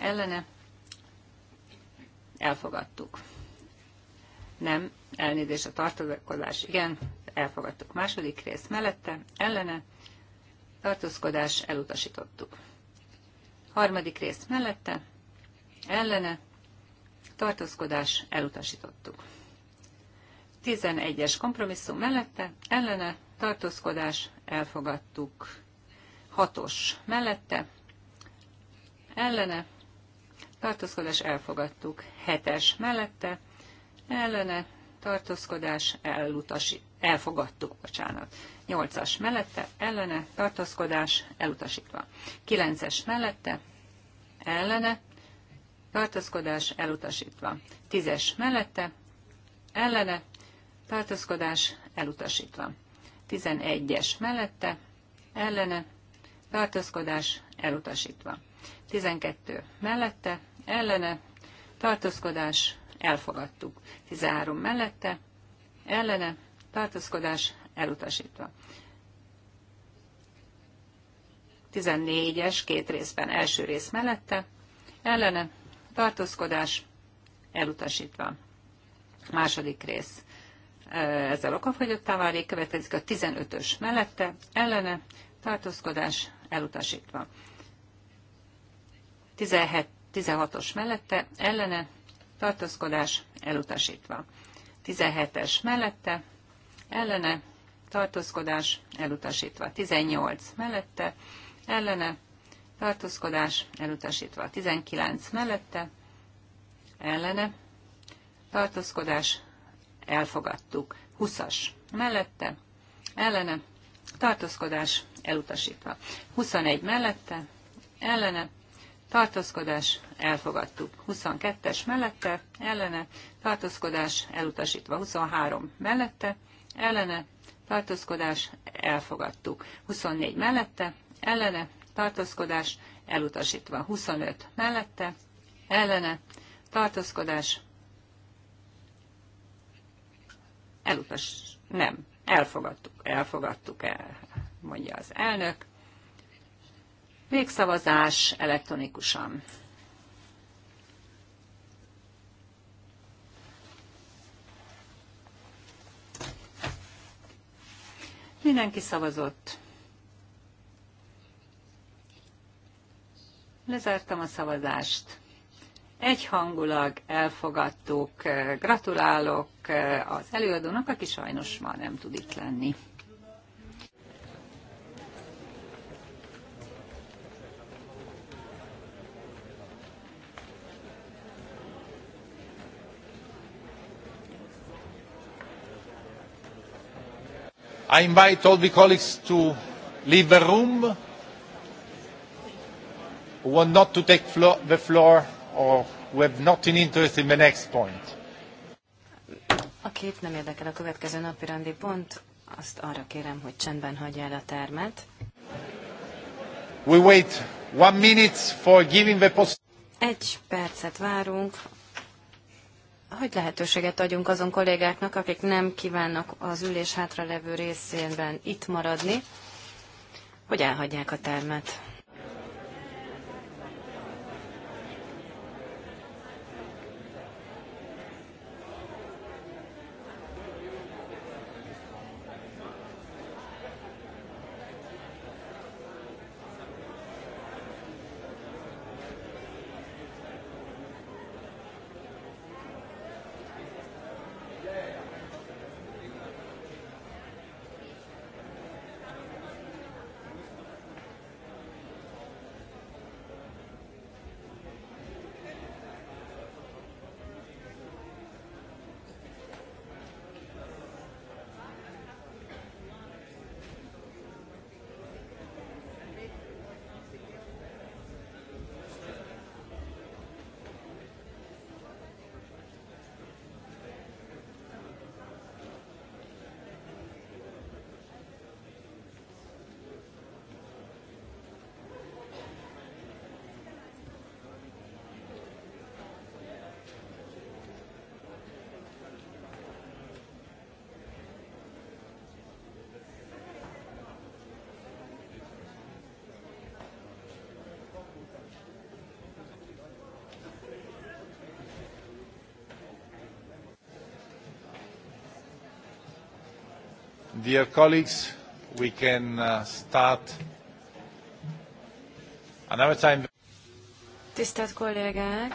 [SPEAKER 3] ellene elfogadtuk. Nem, elnézés a tartozkodás, igen, elfogadtuk. Második rész mellette, ellene, tartózkodás, elutasítottuk. Harmadik rész mellette, ellene, tartózkodás, elutasítottuk. 11-es kompromisszum mellette, ellene, tartózkodás, elfogadtuk. 6-os mellette, ellene, tartózkodás elfogadtuk. Hetes mellette, ellene, tartózkodás elutasi, elfogadtuk, bocsánat. Nyolcas mellette, ellene, tartózkodás elutasítva. Kilences mellette, ellene, tartózkodás elutasítva. Tízes mellette, ellene, tartózkodás elutasítva. Tizenegyes mellette, ellene, tartózkodás elutasítva. 12 mellette, ellene, tartózkodás, elfogadtuk. 13 mellette, ellene, tartózkodás, elutasítva. 14-es két részben első rész mellette, ellene, tartózkodás, elutasítva. Második rész. Ezzel okafogyottá válik, következik a 15-ös mellette, ellene, tartózkodás, elutasítva. 17 16-os mellette, ellene, tartózkodás elutasítva. 17-es mellette, ellene, tartózkodás elutasítva. 18 mellette, ellene, tartózkodás elutasítva. 19 mellette, ellene, tartózkodás elfogadtuk. 20-as mellette, ellene, tartózkodás elutasítva. 21 mellette, ellene, tartózkodás, elfogadtuk. 22-es mellette, ellene, tartózkodás, elutasítva. 23 mellette, ellene, tartózkodás, elfogadtuk. 24 mellette, ellene, tartózkodás, elutasítva. 25 mellette, ellene, tartózkodás, elutas, nem, elfogadtuk, elfogadtuk el, mondja az elnök. Végszavazás elektronikusan. Mindenki szavazott. Lezártam a szavazást. Egyhangulag elfogadtuk. Gratulálok az előadónak, aki sajnos már nem tud itt lenni.
[SPEAKER 1] I invite all the colleagues to leave the room who want not to take flo the floor or who have not an interest in the next point.
[SPEAKER 4] Akit nem érdekel a következő napi rendi pont, azt arra kérem, hogy csendben hagyja el a termet.
[SPEAKER 1] We wait one minute for giving the
[SPEAKER 4] Egy percet várunk hogy lehetőséget adjunk azon kollégáknak, akik nem kívánnak az ülés hátralevő részében itt maradni, hogy elhagyják a termet.
[SPEAKER 1] Dear colleagues, we can uh, start another time.
[SPEAKER 4] Tisztelt kollégák!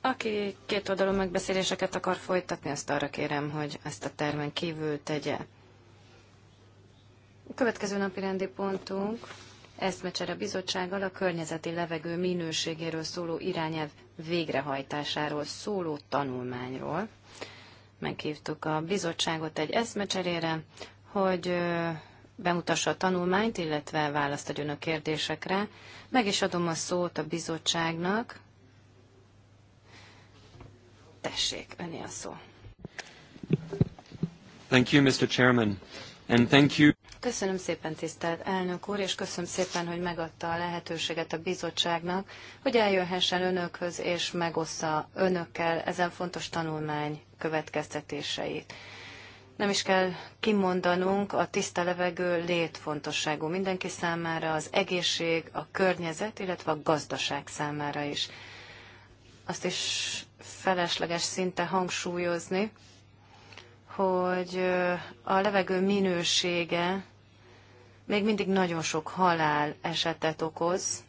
[SPEAKER 4] Aki két oldalú megbeszéléseket akar folytatni, azt arra kérem, hogy ezt a termen kívül tegye. A következő napi rendi pontunk eszmecsere bizottsággal a környezeti levegő minőségéről szóló irányelv végrehajtásáról szóló tanulmányról meghívtuk a bizottságot egy eszmecserére, hogy bemutassa a tanulmányt, illetve választ adjon a kérdésekre. Meg is adom a szót a bizottságnak. Tessék, öné a szó.
[SPEAKER 2] Thank you, Mr. Chairman, and thank you.
[SPEAKER 4] Köszönöm szépen, tisztelt elnök úr, és köszönöm szépen, hogy megadta a lehetőséget a bizottságnak, hogy eljöhessen önökhöz, és megossza önökkel ezen fontos tanulmány következtetéseit. Nem is kell kimondanunk, a tiszta levegő létfontosságú mindenki számára, az egészség, a környezet, illetve a gazdaság számára is. Azt is felesleges szinte hangsúlyozni, hogy a levegő minősége még mindig nagyon sok halál esetet okoz,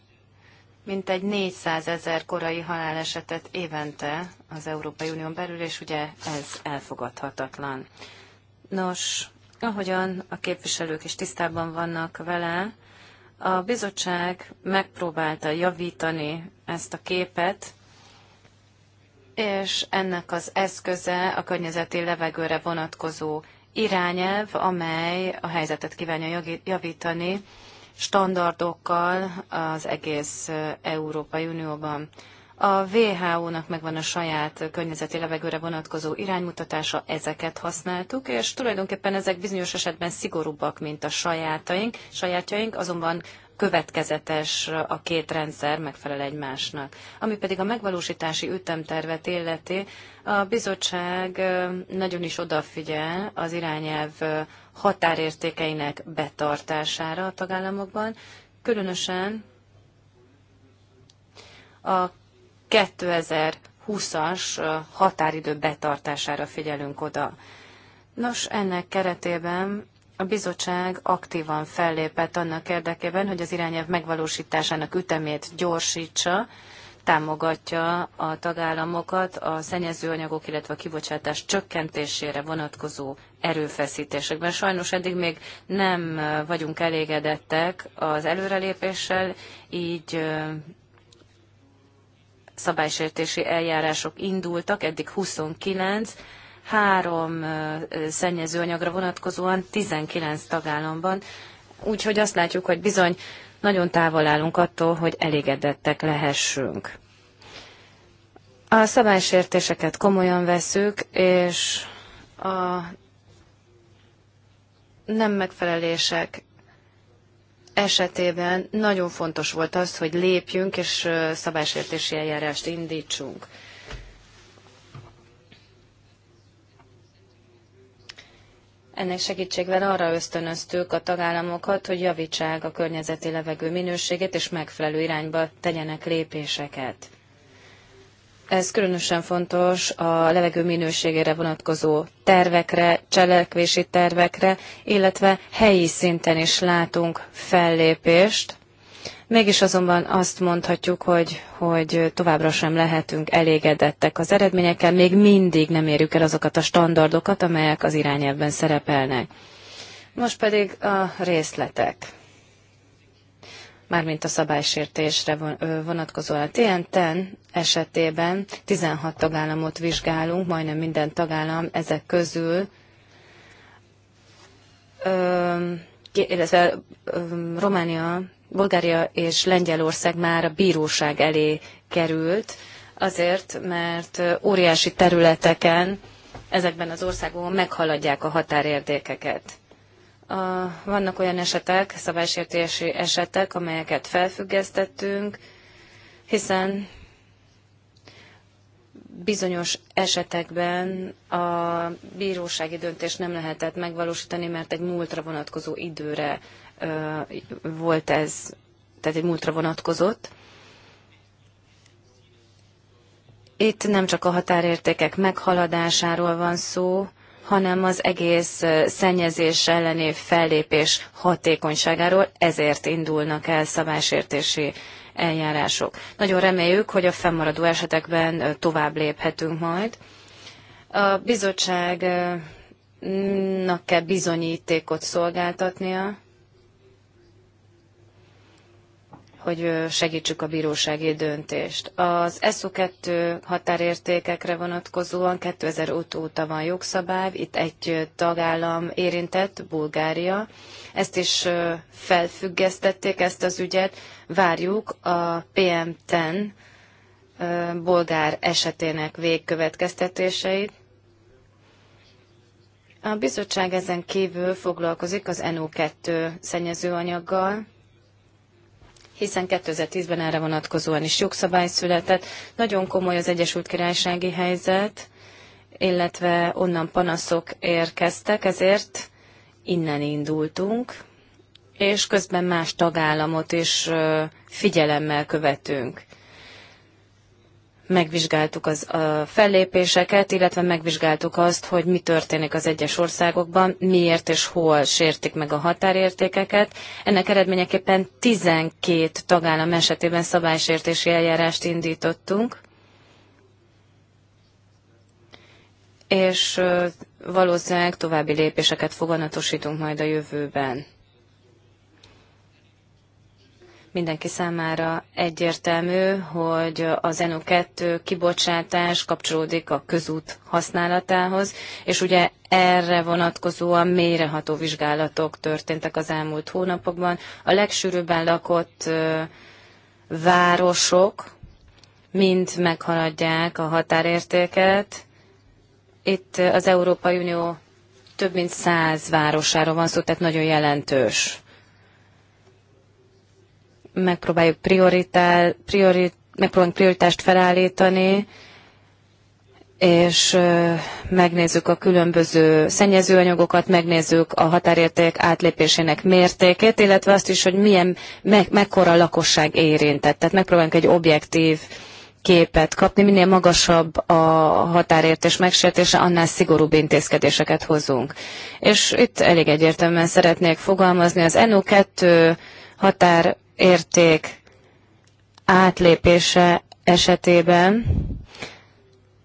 [SPEAKER 4] mint egy 400 ezer korai esetet évente az Európai Unión belül, és ugye ez elfogadhatatlan. Nos, ahogyan a képviselők is tisztában vannak vele, a bizottság megpróbálta javítani ezt a képet, és ennek az eszköze a környezeti levegőre vonatkozó irányelv, amely a helyzetet kívánja javítani standardokkal az egész Európai Unióban. A WHO-nak megvan a saját környezeti levegőre vonatkozó iránymutatása, ezeket használtuk, és tulajdonképpen ezek bizonyos esetben szigorúbbak, mint a sajátaink, sajátjaink, azonban következetes a két rendszer, megfelel egymásnak. Ami pedig a megvalósítási ütemtervet illeti, a bizottság nagyon is odafigyel az irányelv határértékeinek betartására a tagállamokban, különösen a 2020-as határidő betartására figyelünk oda. Nos, ennek keretében a bizottság aktívan fellépett annak érdekében, hogy az irányelv megvalósításának ütemét gyorsítsa, támogatja a tagállamokat a szennyezőanyagok, illetve a kibocsátás csökkentésére vonatkozó erőfeszítésekben. Sajnos eddig még nem vagyunk elégedettek az előrelépéssel, így szabálysértési eljárások indultak, eddig 29, három szennyezőanyagra vonatkozóan 19 tagállamban. Úgyhogy azt látjuk, hogy bizony nagyon távol állunk attól, hogy elégedettek lehessünk. A szabálysértéseket komolyan veszük, és a nem megfelelések esetében nagyon fontos volt az, hogy lépjünk és szabálysértési eljárást indítsunk. Ennek segítségvel arra ösztönöztük a tagállamokat, hogy javítsák a környezeti levegő minőségét és megfelelő irányba tegyenek lépéseket. Ez különösen fontos a levegő minőségére vonatkozó tervekre, cselekvési tervekre, illetve helyi szinten is látunk fellépést. Mégis azonban azt mondhatjuk, hogy, hogy továbbra sem lehetünk elégedettek az eredményekkel, még mindig nem érjük el azokat a standardokat, amelyek az irányelvben szerepelnek. Most pedig a részletek. Mármint a szabálysértésre vonatkozóan. TN-10 esetében 16 tagállamot vizsgálunk, majdnem minden tagállam ezek közül illetve Románia Bulgária és Lengyelország már a bíróság elé került, azért, mert óriási területeken ezekben az országokban meghaladják a határértékeket. A, vannak olyan esetek, szabálysértési esetek, amelyeket felfüggesztettünk, hiszen bizonyos esetekben a bírósági döntést nem lehetett megvalósítani, mert egy múltra vonatkozó időre volt ez, tehát egy múltra vonatkozott. Itt nem csak a határértékek meghaladásáról van szó, hanem az egész szennyezés elleni fellépés hatékonyságáról, ezért indulnak el szabásértési eljárások. Nagyon reméljük, hogy a fennmaradó esetekben tovább léphetünk majd. A bizottságnak kell bizonyítékot szolgáltatnia, hogy segítsük a bírósági döntést. Az SZO2 határértékekre vonatkozóan 2000 óta van jogszabály, itt egy tagállam érintett, Bulgária. Ezt is felfüggesztették, ezt az ügyet. Várjuk a PM10 bolgár esetének végkövetkeztetéseit. A bizottság ezen kívül foglalkozik az NO2 szennyezőanyaggal, hiszen 2010-ben erre vonatkozóan is jogszabály született. Nagyon komoly az Egyesült Királysági helyzet, illetve onnan panaszok érkeztek, ezért innen indultunk, és közben más tagállamot is figyelemmel követünk megvizsgáltuk az, a fellépéseket, illetve megvizsgáltuk azt, hogy mi történik az egyes országokban, miért és hol sértik meg a határértékeket. Ennek eredményeképpen 12 tagállam esetében szabálysértési eljárást indítottunk. És valószínűleg további lépéseket foganatosítunk majd a jövőben mindenki számára egyértelmű, hogy az NO2 kibocsátás kapcsolódik a közút használatához, és ugye erre vonatkozóan mélyreható vizsgálatok történtek az elmúlt hónapokban. A legsűrűbben lakott városok mind meghaladják a határértéket. Itt az Európai Unió több mint száz városáról van szó, tehát nagyon jelentős megpróbáljuk prioritál, priori, megpróbálunk prioritást felállítani, és megnézzük a különböző szennyezőanyagokat, megnézzük a határérték átlépésének mértékét, illetve azt is, hogy milyen, me, mekkora lakosság érintett. Tehát megpróbálunk egy objektív képet kapni, minél magasabb a határértés megsértése, annál szigorúbb intézkedéseket hozunk. És itt elég egyértelműen szeretnék fogalmazni, az NO2 határ érték átlépése esetében,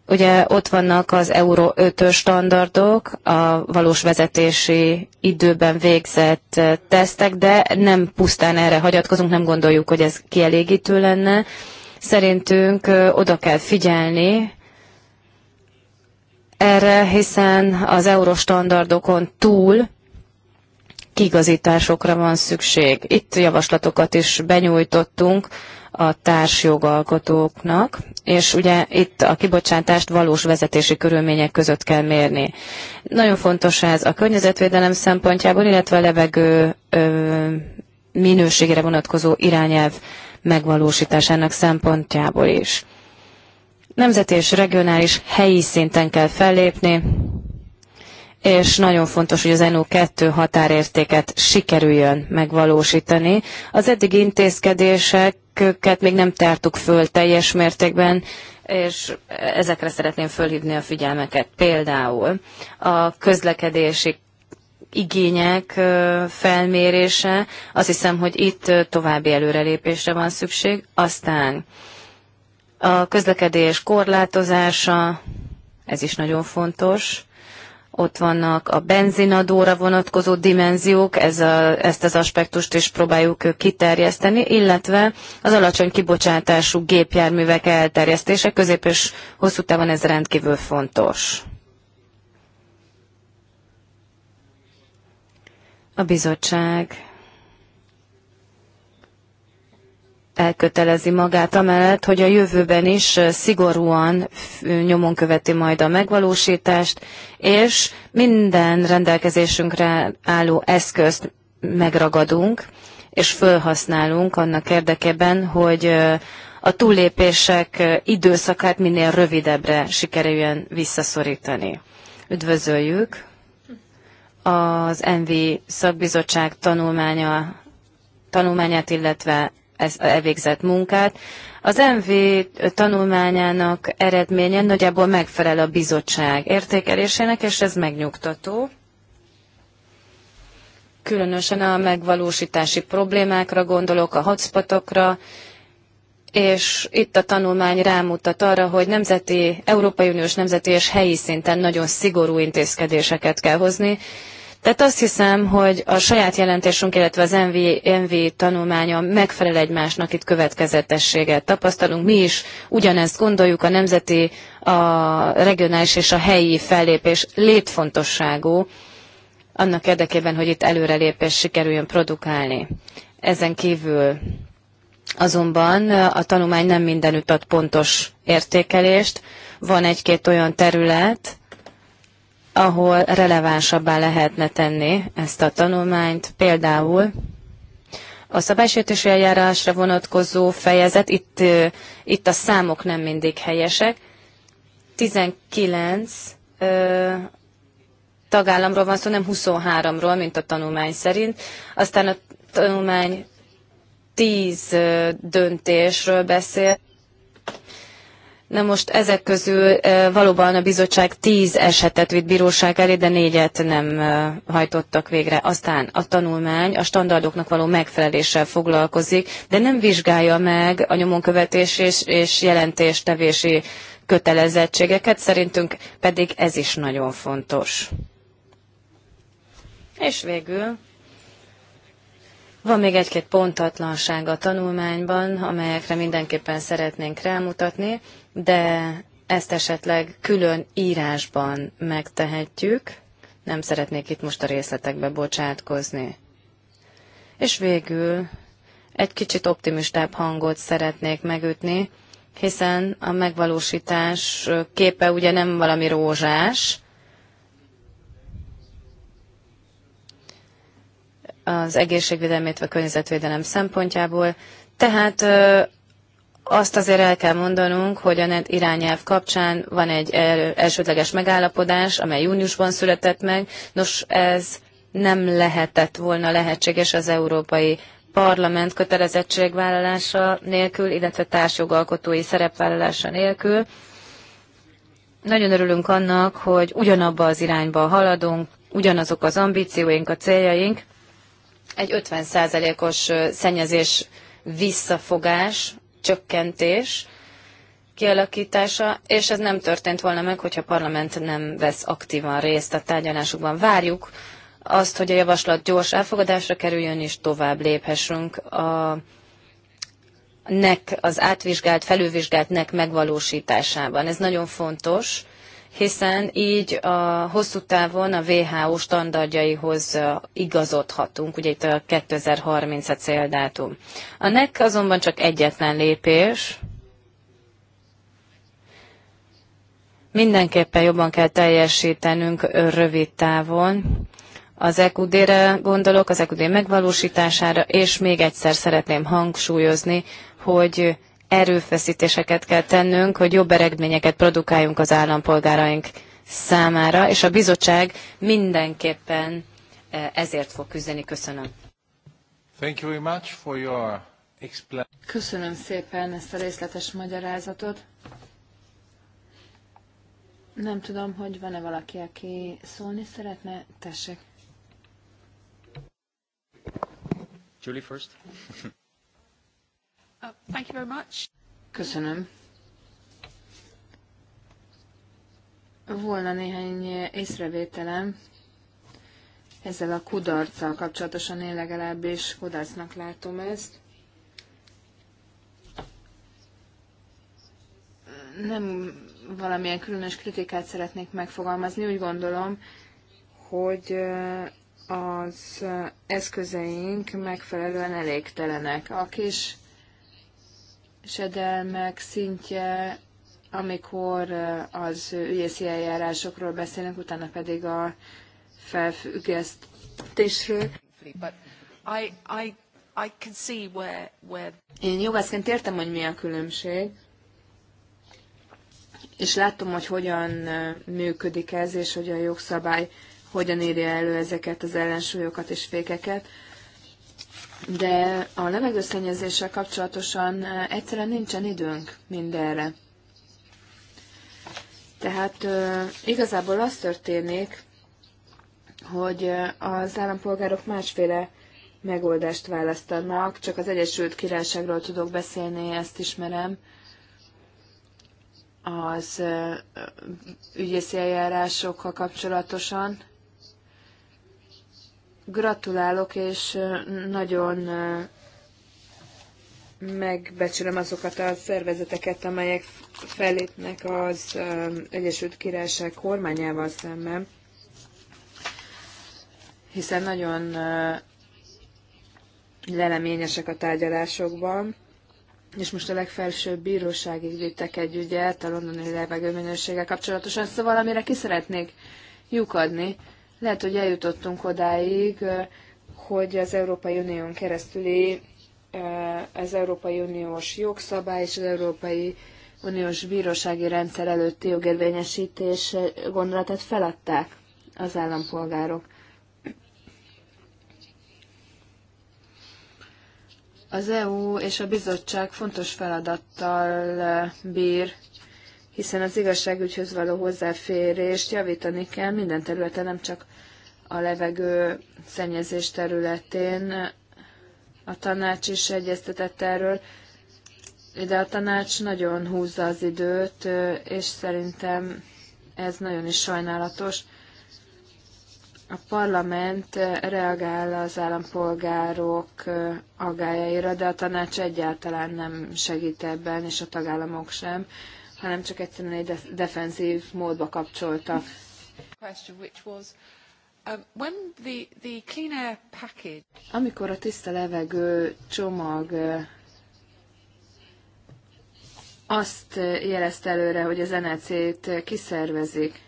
[SPEAKER 4] ugye ott vannak az Euro 5-ös standardok, a valós vezetési időben végzett eh, tesztek, de nem pusztán erre hagyatkozunk, nem gondoljuk, hogy ez kielégítő lenne. Szerintünk eh, oda kell figyelni, erre, hiszen az eurostandardokon túl kigazításokra van szükség. Itt javaslatokat is benyújtottunk a társjogalkotóknak, és ugye itt a kibocsátást valós vezetési körülmények között kell mérni. Nagyon fontos ez a környezetvédelem szempontjából, illetve a levegő ö, minőségére vonatkozó irányelv megvalósításának szempontjából is. Nemzeti és regionális helyi szinten kell fellépni, és nagyon fontos, hogy az NO2 határértéket sikerüljön megvalósítani. Az eddig intézkedéseket még nem tártuk föl teljes mértékben, és ezekre szeretném fölhívni a figyelmeket. Például a közlekedési igények felmérése, azt hiszem, hogy itt további előrelépésre van szükség. Aztán a közlekedés korlátozása, ez is nagyon fontos ott vannak a benzinadóra vonatkozó dimenziók, ez a, ezt az aspektust is próbáljuk kiterjeszteni, illetve az alacsony kibocsátású gépjárművek elterjesztése közép és hosszú távon ez rendkívül fontos. A bizottság elkötelezi magát amellett, hogy a jövőben is szigorúan nyomon követi majd a megvalósítást, és minden rendelkezésünkre álló eszközt megragadunk, és felhasználunk annak érdekében, hogy a túlépések időszakát minél rövidebbre sikerüljön visszaszorítani. Üdvözöljük az Envi szakbizottság tanulmánya, tanulmányát, illetve ez, elvégzett munkát. Az MV tanulmányának eredménye nagyjából megfelel a bizottság értékelésének, és ez megnyugtató. Különösen a megvalósítási problémákra gondolok, a hotspotokra, és itt a tanulmány rámutat arra, hogy nemzeti, Európai Uniós nemzeti és helyi szinten nagyon szigorú intézkedéseket kell hozni, tehát azt hiszem, hogy a saját jelentésünk, illetve az MV, MV tanulmánya megfelel egymásnak, itt következetességet tapasztalunk. Mi is ugyanezt gondoljuk, a nemzeti, a regionális és a helyi fellépés létfontosságú, annak érdekében, hogy itt előrelépés sikerüljön produkálni. Ezen kívül azonban a tanulmány nem mindenütt ad pontos értékelést. Van egy-két olyan terület, ahol relevánsabbá lehetne tenni ezt a tanulmányt, például a szabálysértési eljárásra vonatkozó fejezet, itt, itt a számok nem mindig helyesek. 19 ö, tagállamról van szó, nem 23-ról, mint a tanulmány szerint. Aztán a tanulmány 10 döntésről beszél. Na most ezek közül valóban a bizottság tíz esetet vitt bíróság elé, de négyet nem hajtottak végre. Aztán a tanulmány a standardoknak való megfeleléssel foglalkozik, de nem vizsgálja meg a nyomonkövetés és, és jelentéstevési kötelezettségeket, szerintünk pedig ez is nagyon fontos. És végül van még egy-két pontatlanság a tanulmányban, amelyekre mindenképpen szeretnénk rámutatni, de ezt esetleg külön írásban megtehetjük. Nem szeretnék itt most a részletekbe bocsátkozni. És végül egy kicsit optimistább hangot szeretnék megütni, hiszen a megvalósítás képe ugye nem valami rózsás, az egészségvédelmét vagy környezetvédelem szempontjából. Tehát azt azért el kell mondanunk, hogy a NET irányelv kapcsán van egy elsődleges megállapodás, amely júniusban született meg. Nos, ez nem lehetett volna lehetséges az Európai Parlament kötelezettségvállalása nélkül, illetve társjogalkotói szerepvállalása nélkül. Nagyon örülünk annak, hogy ugyanabba az irányba haladunk, ugyanazok az ambícióink, a céljaink, egy 50%-os szennyezés visszafogás, csökkentés kialakítása, és ez nem történt volna meg, hogyha a parlament nem vesz aktívan részt a tárgyalásokban. Várjuk azt, hogy a javaslat gyors elfogadásra kerüljön, és tovább léphessünk a nek, az átvizsgált, felülvizsgált nek megvalósításában. Ez nagyon fontos hiszen így a hosszú távon a WHO standardjaihoz igazodhatunk, ugye itt a 2030 a céldátum. A NEC azonban csak egyetlen lépés, mindenképpen jobban kell teljesítenünk rövid távon. Az EQD-re gondolok, az EQD megvalósítására, és még egyszer szeretném hangsúlyozni, hogy erőfeszítéseket kell tennünk, hogy jobb eredményeket produkáljunk az állampolgáraink számára, és a bizottság mindenképpen e, ezért fog küzdeni. Köszönöm.
[SPEAKER 1] Thank you very much for your
[SPEAKER 2] Köszönöm szépen ezt a részletes magyarázatot. Nem tudom, hogy van-e valaki, aki szólni szeretne. Tessék.
[SPEAKER 1] Julie first.
[SPEAKER 2] Uh, thank you very much. Köszönöm. Volna néhány észrevételem ezzel a kudarccal kapcsolatosan, én legalábbis kudarcnak látom ezt. Nem valamilyen különös kritikát szeretnék megfogalmazni, úgy gondolom, hogy uh, az uh, eszközeink megfelelően elégtelenek. A kis sedelmek szintje, amikor az ügyészi eljárásokról beszélünk, utána pedig a felfüggesztésről. Én jogászként értem, hogy mi a különbség, és látom, hogy hogyan működik ez, és hogy a jogszabály hogyan írja elő ezeket az ellensúlyokat és fékeket de a levegőszennyezéssel kapcsolatosan e, egyszerűen nincsen időnk mindenre. Tehát igazából az történik, hogy az állampolgárok másféle megoldást választanak, csak az Egyesült Királyságról tudok beszélni, ezt ismerem. Az ügyészi eljárásokkal kapcsolatosan Gratulálok, és nagyon megbecsülöm azokat a szervezeteket, amelyek felépnek az Egyesült Királyság kormányával szemben, hiszen nagyon leleményesek a tárgyalásokban, és most a legfelsőbb bíróságig vittek egy ügyet a londoni levegőminőséggel kapcsolatosan, szóval amire ki szeretnék lyukadni, lehet, hogy eljutottunk odáig, hogy az Európai Unión keresztüli az Európai Uniós jogszabály és az Európai Uniós bírósági rendszer előtti jogérvényesítés gondolatát feladták az állampolgárok. Az EU és a bizottság fontos feladattal bír hiszen az igazságügyhöz való hozzáférést javítani kell minden területen, nem csak a levegő szennyezés területén. A tanács is egyeztetett erről, de a tanács nagyon húzza az időt, és szerintem ez nagyon is sajnálatos. A parlament reagál az állampolgárok agájaira, de a tanács egyáltalán nem segít ebben, és a tagállamok sem hanem csak egyszerűen egy defenzív módba kapcsolta. Um, Amikor a tiszta levegő csomag azt jelezte előre, hogy az NLC-t e kiszervezik,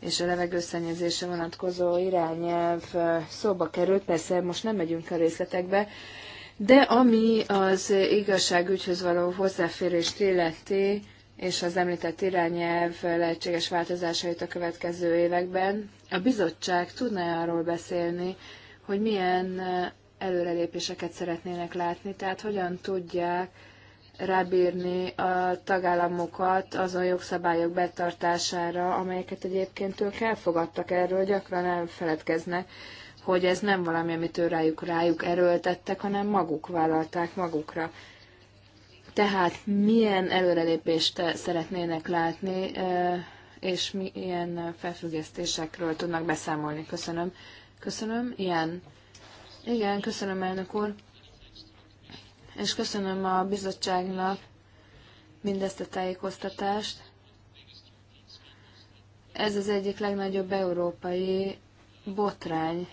[SPEAKER 2] és a levegőszennyezésre vonatkozó irányelv szóba került, persze most nem megyünk a részletekbe, de ami az igazságügyhöz való hozzáférést illeti, és az említett irányelv lehetséges változásait a következő években. A bizottság tudna arról beszélni, hogy milyen előrelépéseket szeretnének látni, tehát hogyan tudják rábírni a tagállamokat azon jogszabályok betartására, amelyeket egyébként ők elfogadtak erről, gyakran elfeledkeznek, hogy ez nem valami, amit ő rájuk, rájuk erőltettek, hanem maguk vállalták magukra. Tehát milyen előrelépést szeretnének látni, és milyen felfüggesztésekről tudnak beszámolni? Köszönöm. Köszönöm. Ilyen. Igen, köszönöm, elnök úr. És köszönöm a bizottságnak mindezt a tájékoztatást. Ez az egyik legnagyobb európai botrány,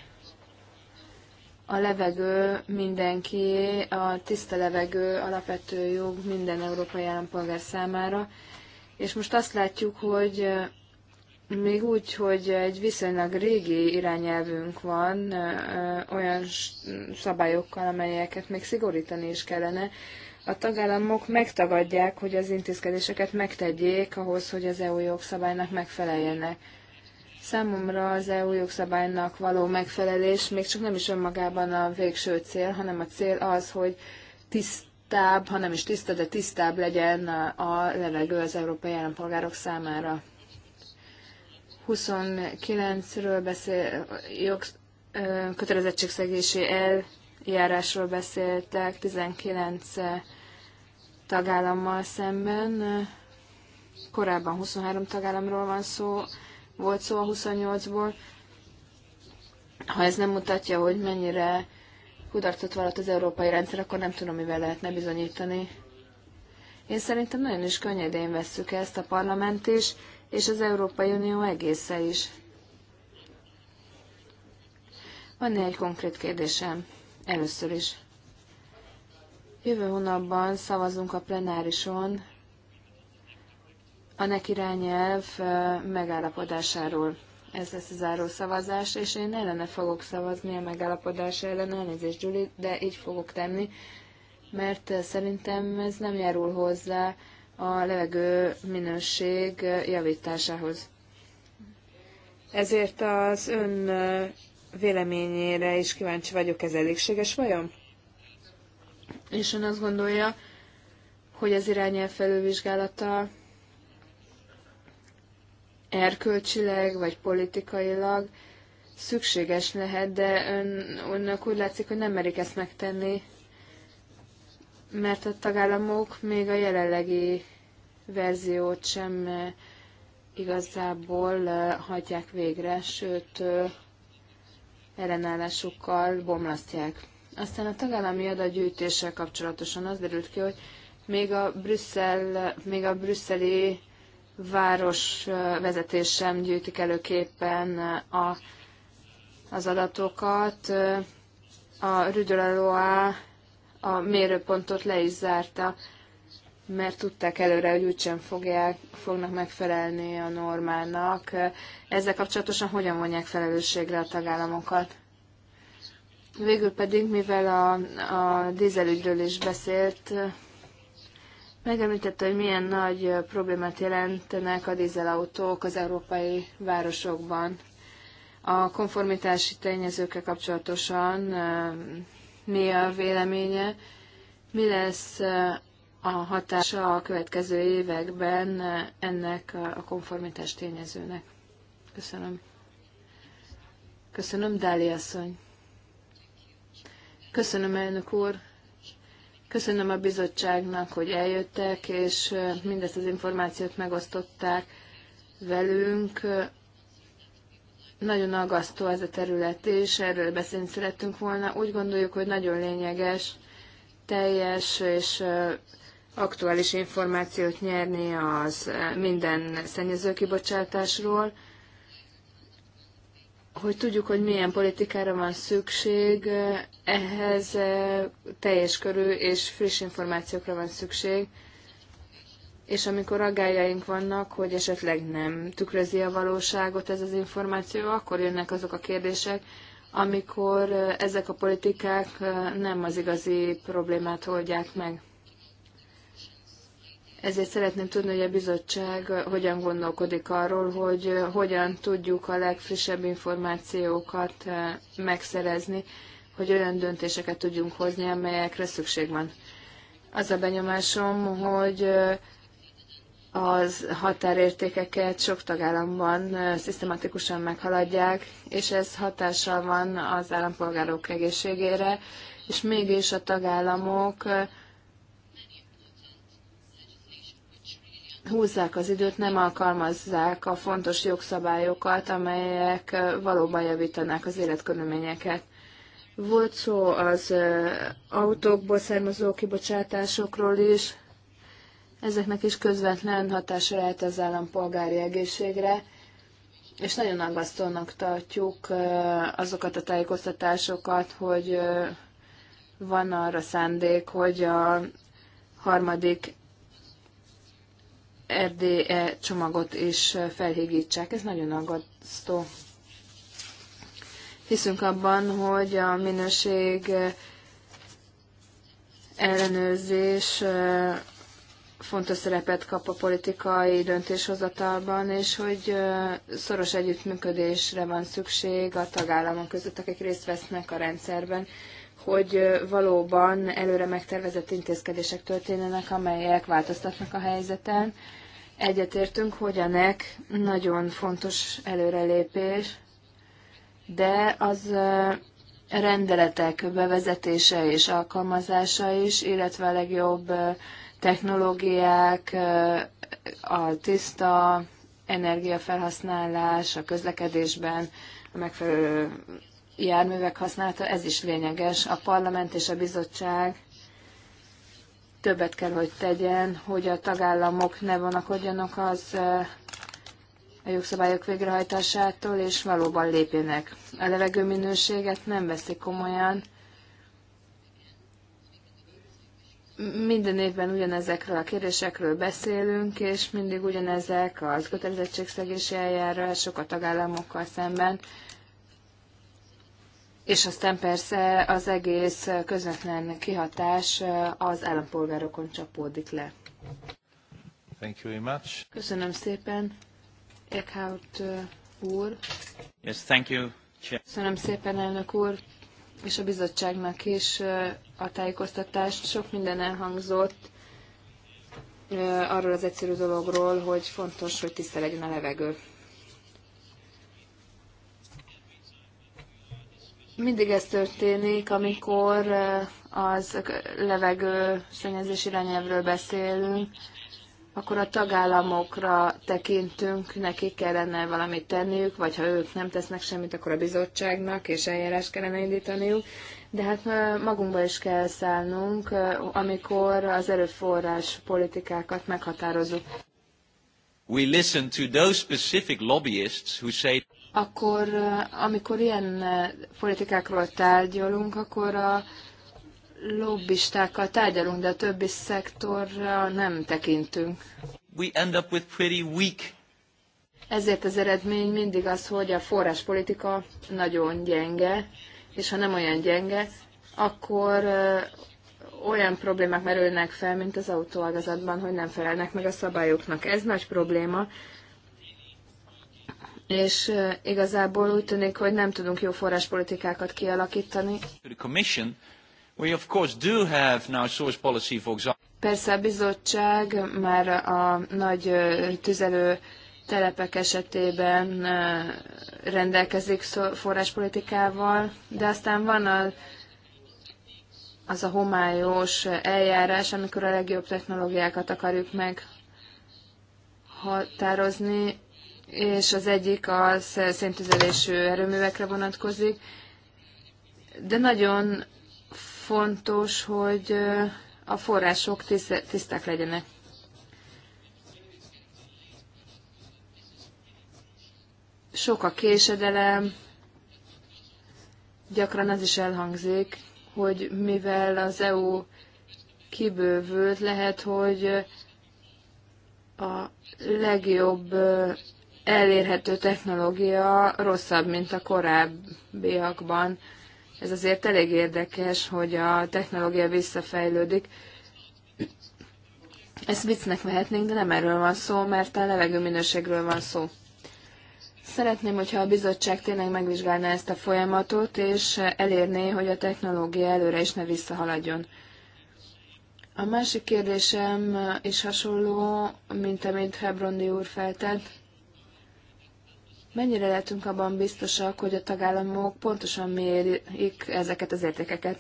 [SPEAKER 2] a levegő mindenki a tiszta levegő alapvető jog minden európai állampolgár számára, és most azt látjuk, hogy eh, még úgy, hogy egy viszonylag régi irányelvünk van, eh, olyan szabályokkal, amelyeket még szigorítani is kellene, a tagállamok megtagadják, hogy az intézkedéseket megtegyék ahhoz, hogy az EU jogszabálynak megfeleljenek. Számomra az EU jogszabálynak való megfelelés még csak nem is önmagában a végső cél, hanem a cél az, hogy tisztább, ha nem is tiszta, de tisztább legyen a levegő az európai állampolgárok számára. 29-ről beszél, jog, kötelezettségszegési eljárásról beszéltek 19 tagállammal szemben. Korábban 23 tagállamról van szó, volt szó a 28-ból. Ha ez nem mutatja, hogy mennyire kudarcot vallott az európai rendszer, akkor nem tudom, mivel lehetne bizonyítani. Én szerintem nagyon is könnyedén vesszük ezt a parlament is, és az Európai Unió egésze is. Van egy konkrét kérdésem. Először is. Jövő hónapban szavazunk a plenárison a neki irányelv megállapodásáról. Ez lesz a záró szavazás, és én ellene fogok szavazni a megállapodás ellen, elnézést Gyuri, de így fogok tenni, mert szerintem ez nem járul hozzá a levegő minőség javításához. Ezért az ön véleményére is kíváncsi vagyok, ez elégséges vajon? És ön azt gondolja, hogy az irányelv felülvizsgálata erkölcsileg vagy politikailag szükséges lehet, de ön, önök úgy látszik, hogy nem merik ezt megtenni, mert a tagállamok még a jelenlegi verziót sem eh, igazából eh, hagyják végre, sőt eh, ellenállásukkal bomlasztják. Aztán a tagállami adatgyűjtéssel kapcsolatosan az derült ki, hogy még a, Brüsszel, még a brüsszeli vezetés sem gyűjtik előképpen a, az adatokat. A Rüdölaloá a mérőpontot le is zárta, mert tudták előre, hogy úgysem fogják, fognak megfelelni a normának. Ezzel kapcsolatosan hogyan vonják felelősségre a tagállamokat? Végül pedig, mivel a, a dízelügyről is beszélt, Megemlítette, hogy milyen nagy problémát jelentenek a dízelautók az európai városokban. A konformitási tényezőkkel kapcsolatosan mi a véleménye, mi lesz a hatása a következő években ennek a konformitás tényezőnek. Köszönöm. Köszönöm, Dáli asszony. Köszönöm, elnök úr. Köszönöm a bizottságnak, hogy eljöttek, és mindezt az információt megosztották velünk. Nagyon aggasztó ez a terület, és erről beszélni szerettünk volna. Úgy gondoljuk, hogy nagyon lényeges, teljes és aktuális információt nyerni az minden szennyezőkibocsátásról. kibocsátásról hogy tudjuk, hogy milyen politikára van szükség, ehhez eh, teljes körű és friss információkra van szükség, és amikor aggájaink vannak, hogy esetleg nem tükrözi a valóságot ez az információ, akkor jönnek azok a kérdések, amikor eh, ezek a politikák eh, nem az igazi problémát oldják meg. Ezért szeretném tudni, hogy a bizottság hogyan gondolkodik arról, hogy hogyan tudjuk a legfrissebb információkat eh, megszerezni, hogy olyan döntéseket tudjunk hozni, amelyekre szükség van. Az a benyomásom, hogy eh, az határértékeket sok tagállamban eh, szisztematikusan meghaladják, és ez hatással van az állampolgárok egészségére, és mégis a tagállamok húzzák az időt, nem alkalmazzák a fontos jogszabályokat, amelyek valóban javítanák az életkörülményeket. Volt szó az autókból származó kibocsátásokról is, ezeknek is közvetlen hatása lehet az állampolgári egészségre, és nagyon aggasztónak tartjuk azokat a tájékoztatásokat, hogy van arra szándék, hogy a harmadik RDE csomagot is felhígítsák. Ez nagyon aggasztó. Hiszünk abban, hogy a minőség ellenőrzés fontos szerepet kap a politikai döntéshozatalban, és hogy szoros együttműködésre van szükség a tagállamok között, akik részt vesznek a rendszerben, hogy valóban előre megtervezett intézkedések történjenek, amelyek változtatnak a helyzeten, Egyetértünk, hogy a nek nagyon fontos előrelépés, de az rendeletek bevezetése és alkalmazása is, illetve a legjobb technológiák, a tiszta energiafelhasználás a közlekedésben, a megfelelő járművek használata, ez is lényeges. A parlament és a bizottság többet kell, hogy tegyen, hogy a tagállamok ne vonakodjanak az a jogszabályok végrehajtásától, és valóban lépjenek. A levegőminőséget nem veszik komolyan. Minden évben ugyanezekről a kérdésekről beszélünk, és mindig ugyanezek az kötelezettségszegési eljárások a tagállamokkal szemben, és aztán persze az egész közvetlen kihatás az állampolgárokon csapódik le.
[SPEAKER 1] Thank you very much.
[SPEAKER 2] Köszönöm szépen, Eckhout uh, úr.
[SPEAKER 1] Yes, thank you. Köszönöm
[SPEAKER 2] szépen, elnök úr, és a bizottságnak is uh, a tájékoztatást. Sok minden elhangzott uh, arról az egyszerű dologról, hogy fontos, hogy tiszta legyen a levegő. Mindig ez történik, amikor az levegő szennyezés irányelvről beszélünk, akkor a tagállamokra tekintünk, nekik kellene valamit tenniük, vagy ha ők nem tesznek semmit, akkor a bizottságnak és eljárás kellene indítaniuk. De hát magunkba is kell szállnunk, amikor az erőforrás politikákat meghatározunk.
[SPEAKER 4] We listen to those specific lobbyists who say
[SPEAKER 2] akkor amikor ilyen politikákról tárgyalunk, akkor a lobbistákkal tárgyalunk, de a többi szektorra nem tekintünk.
[SPEAKER 1] We end up with pretty weak.
[SPEAKER 2] Ezért az eredmény mindig az, hogy a forráspolitika nagyon gyenge, és ha nem olyan gyenge, akkor olyan problémák merülnek fel, mint az autóágazatban, hogy nem felelnek meg a szabályoknak. Ez nagy probléma, és igazából úgy tűnik, hogy nem tudunk jó forráspolitikákat kialakítani. Persze a bizottság már a nagy tüzelő telepek esetében rendelkezik forráspolitikával, de aztán van a, az a homályos eljárás, amikor a legjobb technológiákat akarjuk meghatározni, és az egyik a széntüzelésű erőművekre vonatkozik, de nagyon fontos, hogy a források tiszták legyenek. Sok a késedelem, gyakran az is elhangzik, hogy mivel az EU kibővült, lehet, hogy a legjobb elérhető technológia rosszabb, mint a korábbiakban. Ez azért elég érdekes, hogy a technológia visszafejlődik. Ezt viccnek vehetnénk, de nem erről van szó, mert a levegő minőségről van szó. Szeretném, hogyha a bizottság tényleg megvizsgálná ezt a folyamatot, és elérné, hogy a technológia előre is ne visszahaladjon. A másik kérdésem is hasonló, mint amit Hebrondi úr feltett. Mennyire lehetünk abban biztosak, hogy a tagállamok pontosan mérik ezeket az értékeket?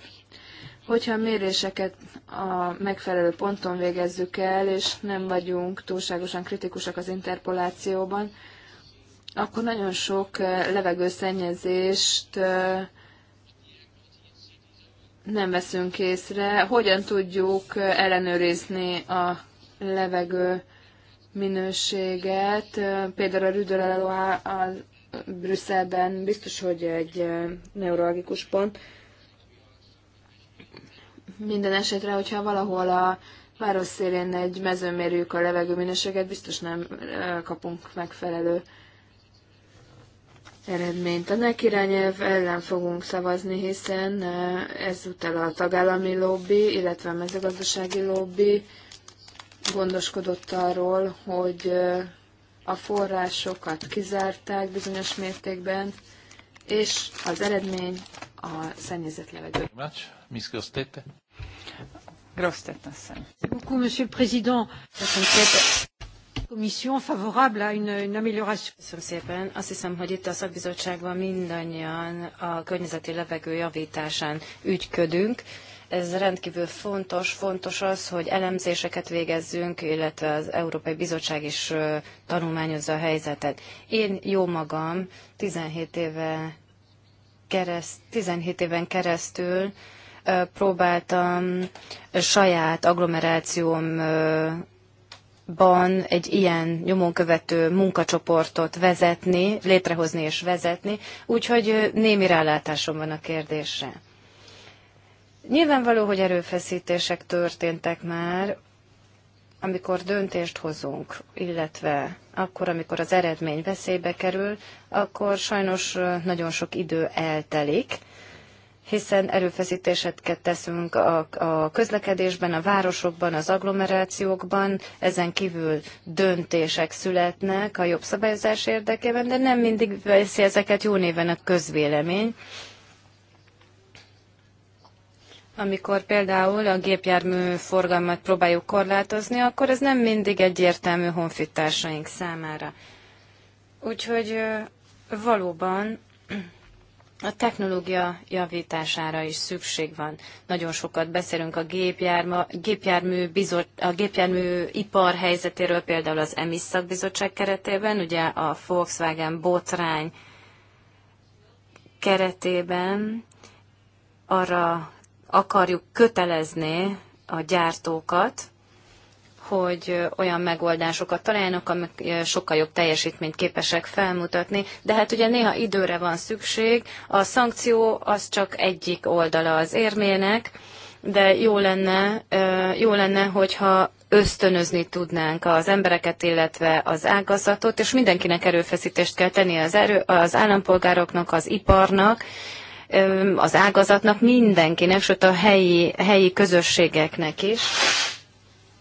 [SPEAKER 2] Hogyha a méréseket a megfelelő ponton végezzük el, és nem vagyunk túlságosan kritikusak az interpolációban, akkor nagyon sok levegőszennyezést nem veszünk észre. Hogyan tudjuk ellenőrizni a levegő minőséget. Például a Rüdöleló a Brüsszelben biztos, hogy egy neurologikus pont. Minden esetre, hogyha valahol a város szélén egy mezőn mérjük a levegő minőséget, biztos nem kapunk megfelelő eredményt. A NEC irányelv ellen fogunk szavazni, hiszen ezúttal a tagállami lobby, illetve a mezőgazdasági lobby gondoskodott arról, hogy a forrásokat kizárták bizonyos mértékben, és az eredmény a szennyezett levegő.
[SPEAKER 1] monsieur
[SPEAKER 3] le
[SPEAKER 2] président. Köszönöm
[SPEAKER 4] szépen. Azt hiszem, hogy itt a szakbizottságban mindannyian a környezeti levegő javításán ügyködünk ez rendkívül fontos. Fontos az, hogy elemzéseket végezzünk, illetve az Európai Bizottság is tanulmányozza a helyzetet. Én jó magam 17 éve kereszt, 17 éven keresztül próbáltam saját agglomerációmban egy ilyen nyomonkövető munkacsoportot vezetni, létrehozni és vezetni, úgyhogy némi rálátásom van a kérdésre. Nyilvánvaló, hogy erőfeszítések történtek már, amikor döntést hozunk, illetve akkor, amikor az eredmény veszélybe kerül, akkor sajnos nagyon sok idő eltelik, hiszen erőfeszítéseket teszünk a, a közlekedésben, a városokban, az agglomerációkban, ezen kívül döntések születnek a jobb szabályozás érdekében, de nem mindig veszi ezeket jó néven a közvélemény, amikor például a gépjármű forgalmat próbáljuk korlátozni, akkor ez nem mindig egyértelmű honfitársaink számára. Úgyhogy valóban a technológia javítására is szükség van. Nagyon sokat beszélünk a, gépjárma, gépjármű, bizot, a gépjármű ipar helyzetéről, például az EMIS szakbizottság keretében, ugye a Volkswagen botrány keretében arra akarjuk kötelezni a gyártókat, hogy olyan megoldásokat találjanak, amik eh, sokkal jobb teljesítményt képesek felmutatni, de hát ugye néha időre van szükség, a szankció az csak egyik oldala az érmének, de jó lenne, eh, jó lenne, hogyha ösztönözni tudnánk az embereket, illetve az ágazatot, és mindenkinek erőfeszítést kell tenni az, erő, az állampolgároknak, az iparnak, az ágazatnak, mindenkinek, sőt a helyi, helyi közösségeknek is.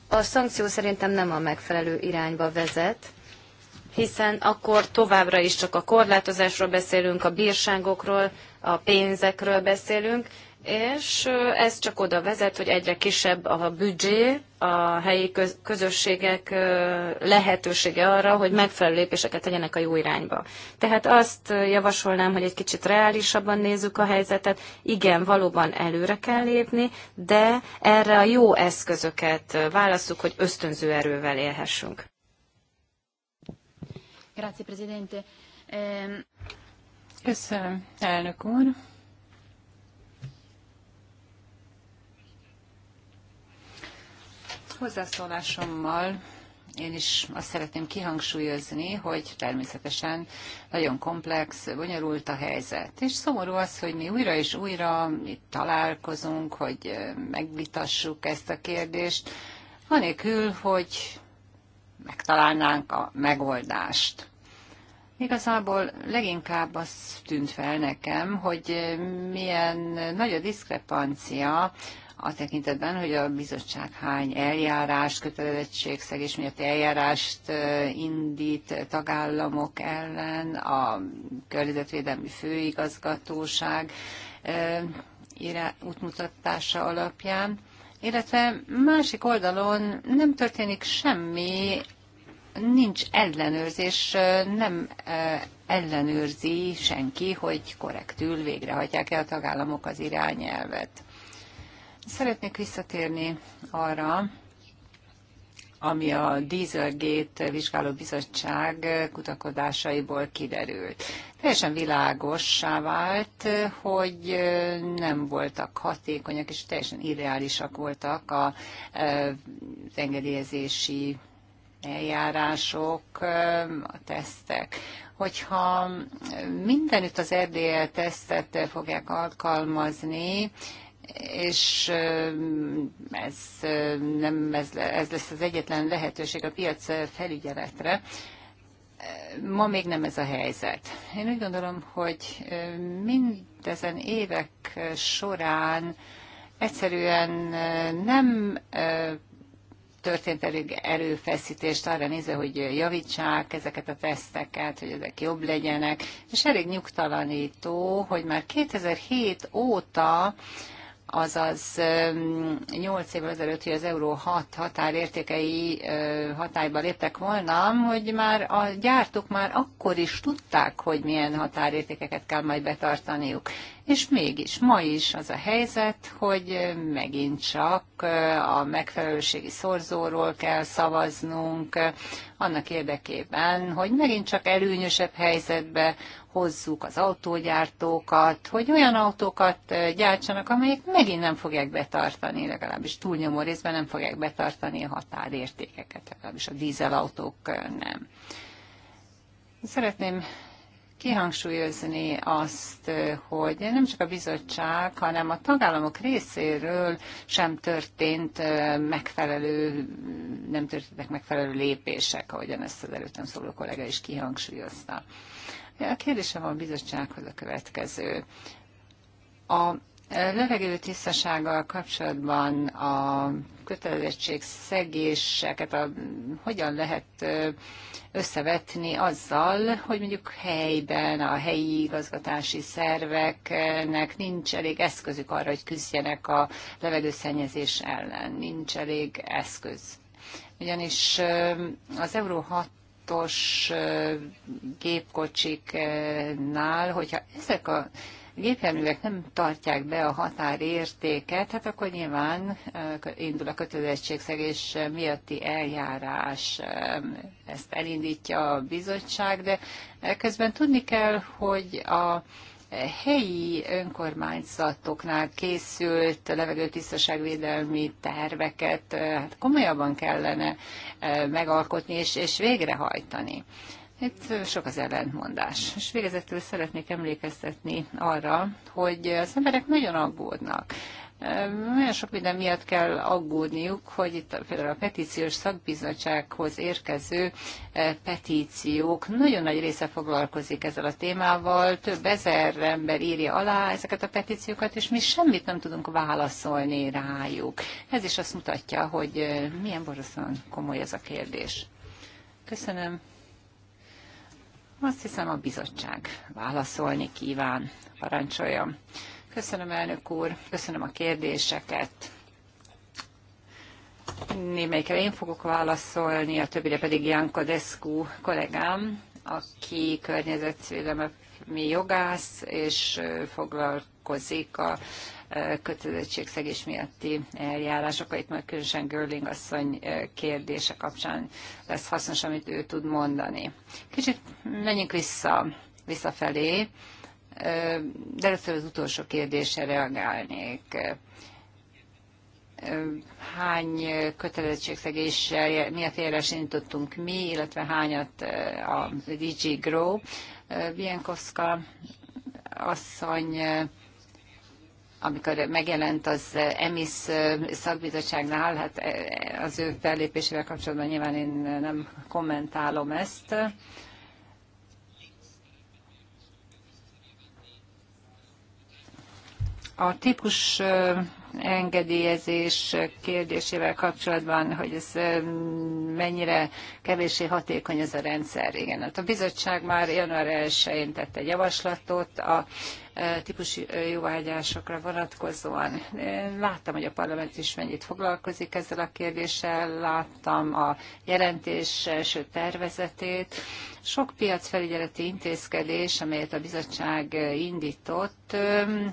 [SPEAKER 4] A szankció szerintem nem a megfelelő irányba vezet, hiszen akkor továbbra is csak a korlátozásról beszélünk, a bírságokról, a pénzekről beszélünk, és ez csak oda vezet, hogy egyre kisebb a büdzsé, a helyi közösségek lehetősége arra, hogy megfelelő lépéseket tegyenek a jó irányba. Tehát azt javasolnám, hogy egy kicsit reálisabban nézzük a helyzetet. Igen, valóban előre kell lépni, de erre a jó eszközöket válasszuk, hogy ösztönző erővel élhessünk.
[SPEAKER 3] Grazie, Presidente. Ehm, Köszönöm, elnök úr. hozzászólásommal én is azt szeretném kihangsúlyozni, hogy természetesen nagyon komplex, bonyolult a helyzet. És szomorú az, hogy mi újra és újra itt találkozunk, hogy megvitassuk ezt a kérdést, anélkül, hogy megtalálnánk a megoldást. Igazából leginkább az tűnt fel nekem, hogy milyen nagy a diszkrepancia a tekintetben, hogy a bizottság hány kötelezettség kötelezettségszegés miatt eljárást indít tagállamok ellen, a környezetvédelmi főigazgatóság útmutatása alapján, illetve másik oldalon nem történik semmi, nincs ellenőrzés, nem ellenőrzi senki, hogy korrektül végrehajtják-e a tagállamok az irányelvet. Szeretnék visszatérni arra, ami a Dieselgate bizottság kutakodásaiból kiderült. Teljesen világossá vált, hogy nem voltak hatékonyak, és teljesen irreálisak voltak a, e, engedélyezési eljárások, e, a tesztek. Hogyha mindenütt az RDL tesztet fogják alkalmazni, és ez, nem, ez, ez lesz az egyetlen lehetőség a piac felügyeletre. Ma még nem ez a helyzet. Én úgy gondolom, hogy mindezen évek során egyszerűen nem történt elég erőfeszítést arra nézve, hogy javítsák ezeket a teszteket, hogy ezek jobb legyenek, és elég nyugtalanító, hogy már 2007 óta azaz 8 évvel ezelőtt, hogy az euró 6 határértékei hatályba léptek volna, hogy már a gyártók már akkor is tudták, hogy milyen határértékeket kell majd betartaniuk. És mégis, ma is az a helyzet, hogy megint csak a megfelelőségi szorzóról kell szavaznunk, annak érdekében, hogy megint csak előnyösebb helyzetbe hozzuk az autógyártókat, hogy olyan autókat gyártsanak, amelyek megint nem fogják betartani, legalábbis túlnyomó részben nem fogják betartani a határértékeket, legalábbis a dízelautók nem. Szeretném kihangsúlyozni azt, hogy nem csak a bizottság, hanem a tagállamok részéről sem történt megfelelő, nem történtek megfelelő lépések, ahogyan ezt az előttem szóló kollega is kihangsúlyozta. A kérdésem a bizottsághoz a következő. A levegő tisztasággal kapcsolatban a szegéseket a, hogyan lehet összevetni azzal, hogy mondjuk helyben a helyi igazgatási szerveknek nincs elég eszközük arra, hogy küzdjenek a levegőszennyezés ellen, nincs elég eszköz. Ugyanis az Euró 6 autós gépkocsiknál, hogyha ezek a gépjárművek nem tartják be a határértéket, hát akkor nyilván indul a kötelezettségszegés miatti eljárás. Ezt elindítja a bizottság, de közben tudni kell, hogy a helyi önkormányzatoknál készült levegőtisztaságvédelmi terveket eh, hát komolyabban kellene eh, megalkotni és, és végrehajtani. Itt sok az ellentmondás. És végezetül szeretnék emlékeztetni arra, hogy az emberek nagyon aggódnak. Nagyon sok minden miatt kell aggódniuk, hogy itt például a petíciós szakbizottsághoz érkező e, petíciók nagyon nagy része foglalkozik ezzel a témával, több ezer ember írja alá ezeket a petíciókat, és mi semmit nem tudunk válaszolni rájuk. Ez is azt mutatja, hogy e, milyen borzasztóan komoly ez a kérdés. Köszönöm. Azt hiszem a bizottság válaszolni kíván. Parancsoljam. Köszönöm, elnök úr, köszönöm a kérdéseket. Némelyikre én fogok válaszolni, a többire pedig Janko Descu kollégám, aki környezetvédelmi jogász, és foglalkozik a kötelezettségszegés miatti eljárásokkal. Itt majd különösen Görling asszony kérdése kapcsán lesz hasznos, amit ő tud mondani. Kicsit menjünk vissza, visszafelé de először az utolsó kérdésre reagálnék. Hány kötelezettségszegéssel, miatt a indítottunk mi, illetve hányat a DG Grow. Bienkowska asszony amikor megjelent az EMIS szakbizottságnál, hát az ő fellépésével kapcsolatban nyilván én nem kommentálom ezt. A típus engedélyezés kérdésével kapcsolatban, hogy ez mennyire kevéssé hatékony ez a rendszer. Igen, hát a bizottság már január 1-én tett egy javaslatot, a típus jóváhagyásokra vonatkozóan. Láttam, hogy a parlament is mennyit foglalkozik ezzel a kérdéssel, láttam a jelentés első tervezetét. Sok piacfelügyeleti intézkedés, amelyet a bizottság indított,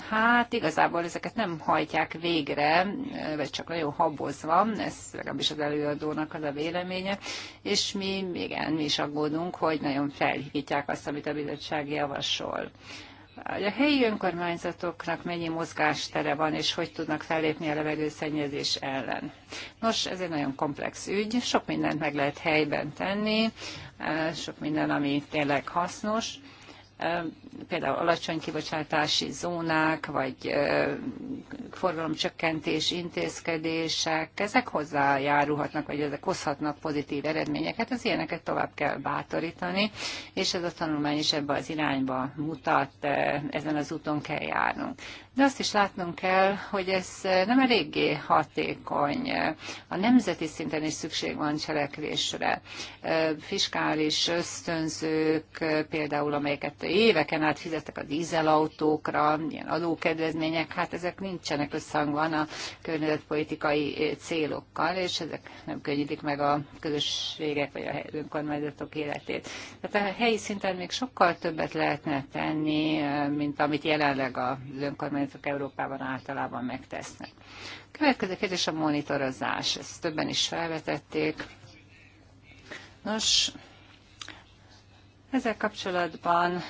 [SPEAKER 3] hát igazából ezeket nem hajtják végre, vagy csak nagyon habozva, ez legalábbis az előadónak az a véleménye, és mi igen, mi is aggódunk, hogy nagyon felhívják azt, amit a bizottság javasol hogy a helyi önkormányzatoknak mennyi mozgástere van, és hogy tudnak fellépni a levegőszennyezés ellen. Nos, ez egy nagyon komplex ügy, sok mindent meg lehet helyben tenni, eh, sok minden, ami tényleg hasznos. Eh, például alacsony kibocsátási zónák, vagy forgalomcsökkentés intézkedések, ezek hozzájárulhatnak, vagy ezek hozhatnak pozitív eredményeket, az ilyeneket tovább kell bátorítani, és ez a tanulmány is ebbe az irányba mutat, ezen az úton kell járnunk. De azt is látnunk kell, hogy ez nem eléggé hatékony. A nemzeti szinten is szükség van cselekvésre. Fiskális ösztönzők, például amelyeket éveken éveken át fizettek a dízelautókra, ilyen adókedvezmények, hát ezek nincsenek összhangban a környezetpolitikai eh, célokkal, és ezek nem könnyítik meg a közösségek vagy a önkormányzatok életét. Tehát a helyi szinten még sokkal többet lehetne tenni, eh, mint amit jelenleg az önkormányzatok Európában általában megtesznek. A következő kérdés a monitorozás. Ezt többen is felvetették. Nos, ezzel kapcsolatban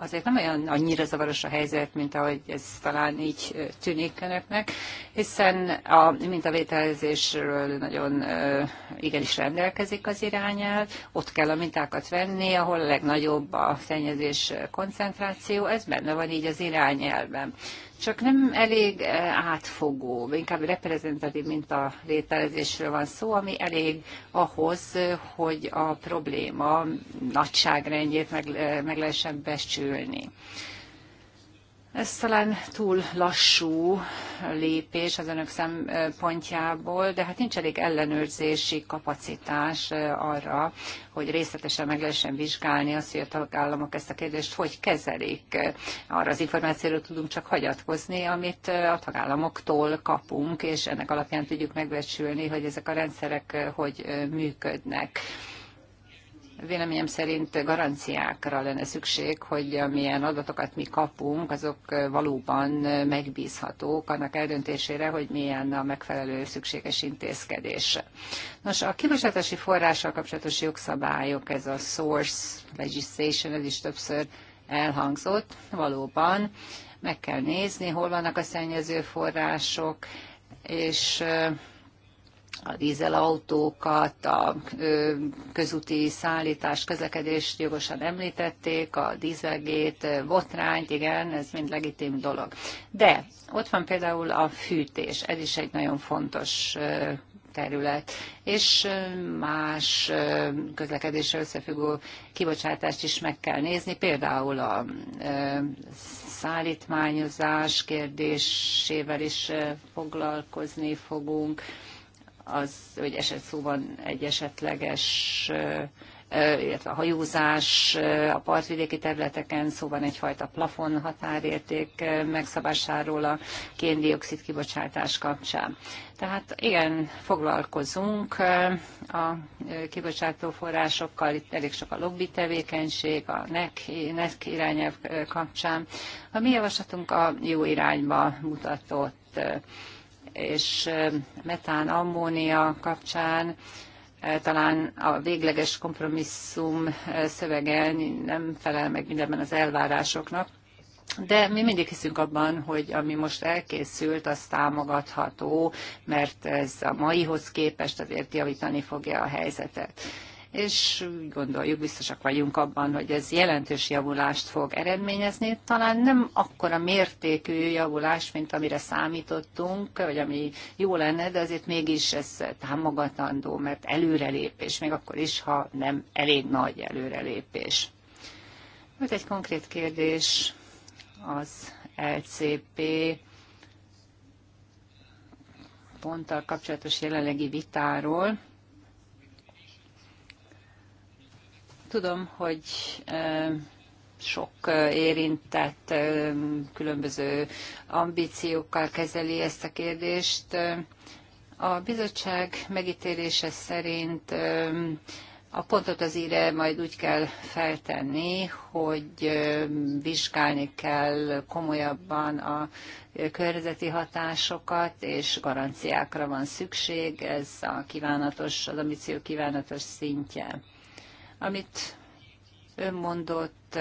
[SPEAKER 3] azért nem olyan annyira zavaros a helyzet, mint ahogy ez talán így tűnik önöknek, hiszen a mintavételezésről nagyon igenis rendelkezik az irányel, ott kell a mintákat venni, ahol a legnagyobb a szennyezés koncentráció, ez benne van így az irányelben csak nem elég eh, átfogó, inkább reprezentatív mint a lételezésről van szó, ami elég ahhoz, hogy a probléma nagyságrendjét meg, eh, meg lehessen becsülni. Ez talán túl lassú lépés az önök szempontjából, de hát nincs elég ellenőrzési kapacitás arra, hogy részletesen meg lehessen vizsgálni azt, hogy a tagállamok ezt a kérdést hogy kezelik. Arra az információra tudunk csak hagyatkozni, amit a tagállamoktól kapunk, és ennek alapján tudjuk megbecsülni, hogy ezek a rendszerek hogy működnek. Véleményem szerint garanciákra lenne szükség, hogy amilyen adatokat mi kapunk, azok valóban megbízhatók annak eldöntésére, hogy milyen a megfelelő szükséges intézkedés. Nos, a kibocsátási forrással kapcsolatos jogszabályok, ez a source legislation, ez is többször elhangzott, valóban meg kell nézni, hol vannak a szennyező források, és a dízelautókat, a közúti szállítás, közlekedést jogosan említették, a dízelgét, botrányt, igen, ez mind legitim dolog. De ott van például a fűtés, ez is egy nagyon fontos terület, és más közlekedéssel összefüggő kibocsátást is meg kell nézni, például a szállítmányozás kérdésével is foglalkozni fogunk, az, hogy eset szó van egy esetleges illetve a hajózás a partvidéki területeken, szóban egyfajta plafon határérték megszabásáról a kéndiokszid kibocsátás kapcsán. Tehát igen, foglalkozunk a kibocsátó forrásokkal, itt elég sok a lobby tevékenység, a NEC, NEC irányelv kapcsán. A mi javaslatunk a jó irányba mutatott és metán ammónia kapcsán talán a végleges kompromisszum szövege nem felel meg mindenben az elvárásoknak, de mi mindig hiszünk abban, hogy ami most elkészült, az támogatható, mert ez a maihoz képest azért javítani fogja a helyzetet és gondoljuk, biztosak vagyunk abban, hogy ez jelentős javulást fog eredményezni. Talán nem akkora mértékű javulás, mint amire számítottunk, vagy ami jó lenne, de azért mégis ez támogatandó, mert előrelépés, még akkor is, ha nem elég nagy előrelépés. Volt egy konkrét kérdés az LCP ponttal kapcsolatos jelenlegi vitáról. Tudom, hogy sok érintett különböző ambíciókkal kezeli ezt a kérdést. A bizottság megítélése szerint a pontot az íre majd úgy kell feltenni, hogy vizsgálni kell komolyabban a környezeti hatásokat, és garanciákra van szükség, ez a kívánatos, az ambíció kívánatos szintje. Amit ön mondott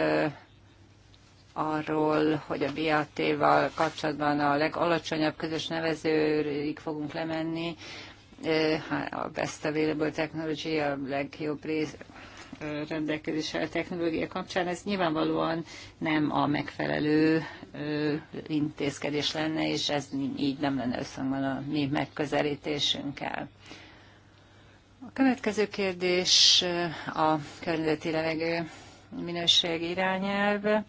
[SPEAKER 3] arról, hogy a BAT-val kapcsolatban a legalacsonyabb közös nevezőig fogunk lemenni, a Best Available Technology, a legjobb rész, rendelkezésre technológia kapcsán, ez nyilvánvalóan nem a megfelelő intézkedés lenne, és ez így nem lenne összhangban a mi megközelítésünkkel. A következő kérdés eh, a környezeti levegő minőség irányelv.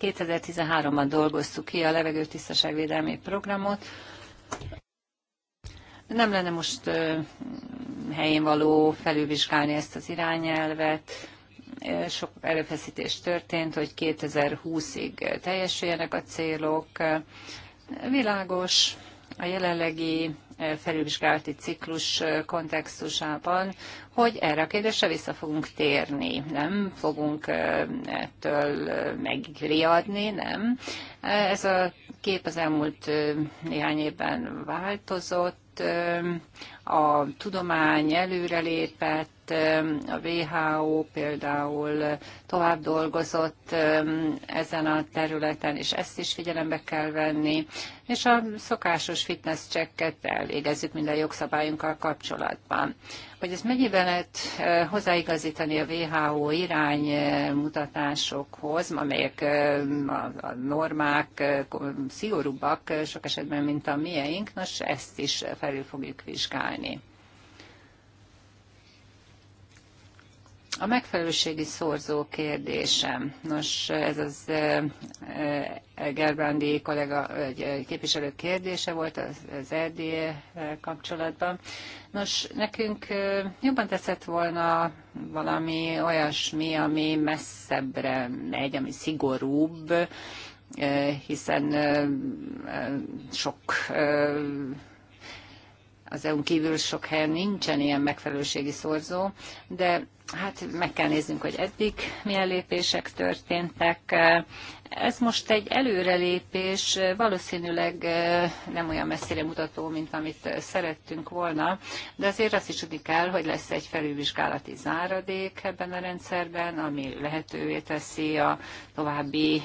[SPEAKER 3] 2013-ban dolgoztuk ki a levegőtisztaságvédelmi programot. Nem lenne most eh, helyén való felülvizsgálni ezt az irányelvet. Eh, sok előfeszítés történt, hogy 2020-ig teljesüljenek a célok. Világos, a jelenlegi eh, felülvizsgálati ciklus eh, kontextusában, hogy erre a kérdésre vissza fogunk térni. Nem fogunk eh, ettől megriadni, nem. Ez a kép az elmúlt néhány évben változott, a tudomány előrelépett, a WHO például tovább dolgozott ezen a területen, és ezt is figyelembe kell venni, és a szokásos fitness checket elvégezzük minden jogszabályunkkal kapcsolatban. Hogy ezt mennyiben lehet hozzáigazítani a WHO iránymutatásokhoz, amelyek a normák szigorúbbak sok esetben, mint a mieink, nos, ezt is felül fogjuk vizsgálni. A megfelelőségi szorzó kérdése. Nos, ez az Gerbrandi kollega, egy képviselő kérdése volt az Erdély kapcsolatban. Nos, nekünk jobban teszett volna valami olyasmi, ami messzebbre megy, ami szigorúbb, hiszen sok az EU-n kívül sok helyen nincsen ilyen megfelelőségi szorzó, de hát meg kell néznünk, hogy eddig milyen lépések történtek, ez most egy előrelépés, valószínűleg nem olyan messzire mutató, mint amit szerettünk volna, de azért azt is tudni kell, hogy lesz egy felülvizsgálati záradék ebben a rendszerben, ami lehetővé teszi a további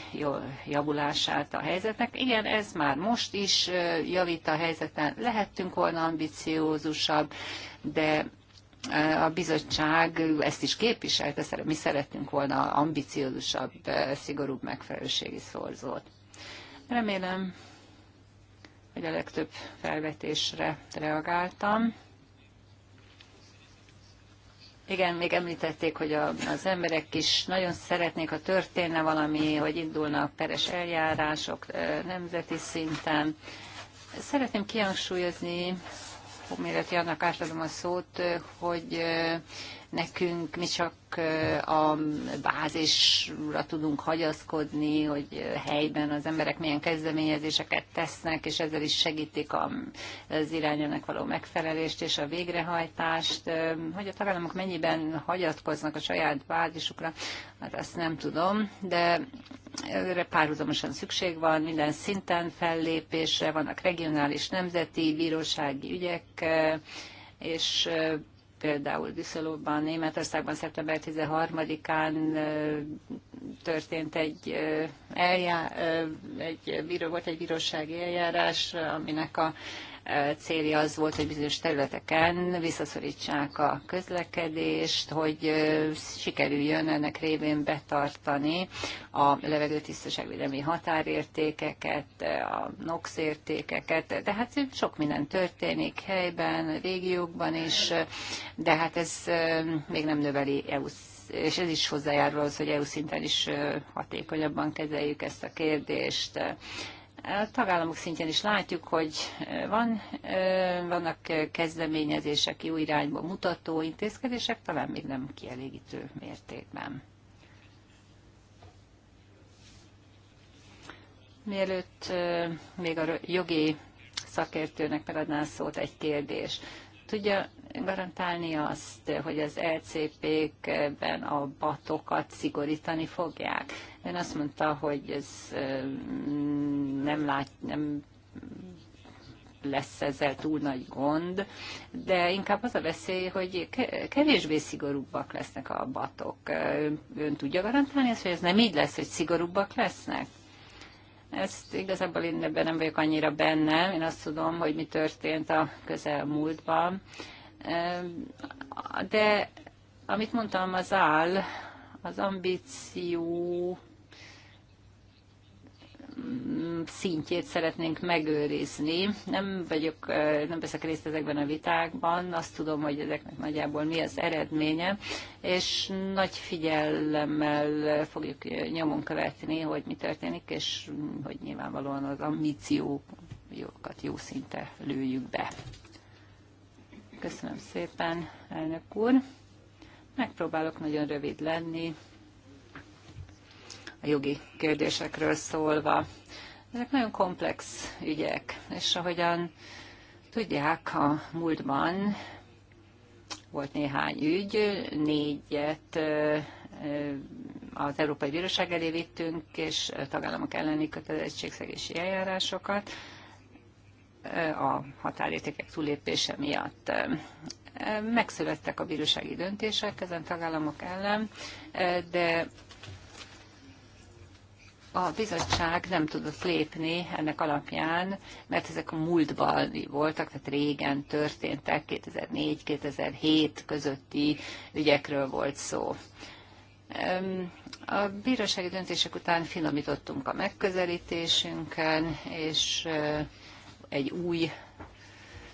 [SPEAKER 3] javulását a helyzetnek. Igen, ez már most is javít a helyzeten. Lehettünk volna ambiciózusabb, de a bizottság ezt is képviselte, mi szeretnénk volna ambiciózusabb, szigorúbb megfelelőségi szorzót. Remélem, hogy a legtöbb felvetésre reagáltam. Igen, még említették, hogy a, az emberek is nagyon szeretnék, ha történne valami, hogy indulnak peres eljárások eh, nemzeti szinten. Szeretném kihangsúlyozni, mielőtt annak átadom a szót, hogy nekünk, mi csak a bázisra tudunk hagyaszkodni, hogy helyben az emberek milyen kezdeményezéseket tesznek, és ezzel is segítik az irányának való megfelelést és a végrehajtást. Hogy a tagállamok mennyiben hagyatkoznak a saját bázisukra, hát azt nem tudom, de erre párhuzamosan szükség van, minden szinten fellépésre vannak regionális, nemzeti, bírósági ügyek, és Például Düsseldorfban, Németországban szeptember 13-án történt egy, eljá, egy bíró, volt egy bírósági eljárás, aminek a célja az volt, hogy bizonyos területeken visszaszorítsák a közlekedést, hogy sikerüljön ennek révén betartani a levegőtisztaságvédelmi határértékeket, a NOx értékeket, de hát sok minden történik helyben, régiókban is, de hát ez még nem növeli EU és ez is hozzájárul az, hogy EU szinten is hatékonyabban kezeljük ezt a kérdést. A tagállamok szintjén is látjuk, hogy van, vannak kezdeményezések, jó irányba mutató intézkedések, talán még nem kielégítő mértékben. Mielőtt még a jogi szakértőnek megadná szót egy kérdés. Tudja, garantálni azt, hogy az LCP-kben a batokat szigorítani fogják? Ön azt mondta, hogy ez nem lát, nem lesz ezzel túl nagy gond, de inkább az a veszély, hogy kevésbé szigorúbbak lesznek a batok. Ön tudja garantálni ezt, hogy ez nem így lesz, hogy szigorúbbak lesznek? Ezt igazából én ebben nem vagyok annyira benne. Én azt tudom, hogy mi történt a közelmúltban. múltban de amit mondtam, az áll, az ambíció mm, szintjét szeretnénk megőrizni. Nem vagyok, eh, nem veszek részt ezekben a vitákban, azt tudom, hogy ezeknek nagyjából mi az eredménye, és nagy figyelemmel fogjuk nyomon követni, hogy mi történik, és hogy nyilvánvalóan az ambíciókat jó szinte lőjük be. Köszönöm szépen, elnök úr. Megpróbálok nagyon rövid lenni a jogi kérdésekről szólva. Ezek nagyon komplex ügyek, és ahogyan tudják, a múltban volt néhány ügy, négyet az Európai Bíróság elé vittünk, és tagállamok elleni kötelezettségszegési eljárásokat a határértékek túlépése miatt. Megszülettek a bírósági döntések ezen tagállamok ellen, de a bizottság nem tudott lépni ennek alapján, mert ezek a múltban voltak, tehát régen történtek, 2004-2007 közötti ügyekről volt szó. A bírósági döntések után finomítottunk a megközelítésünkön, és egy új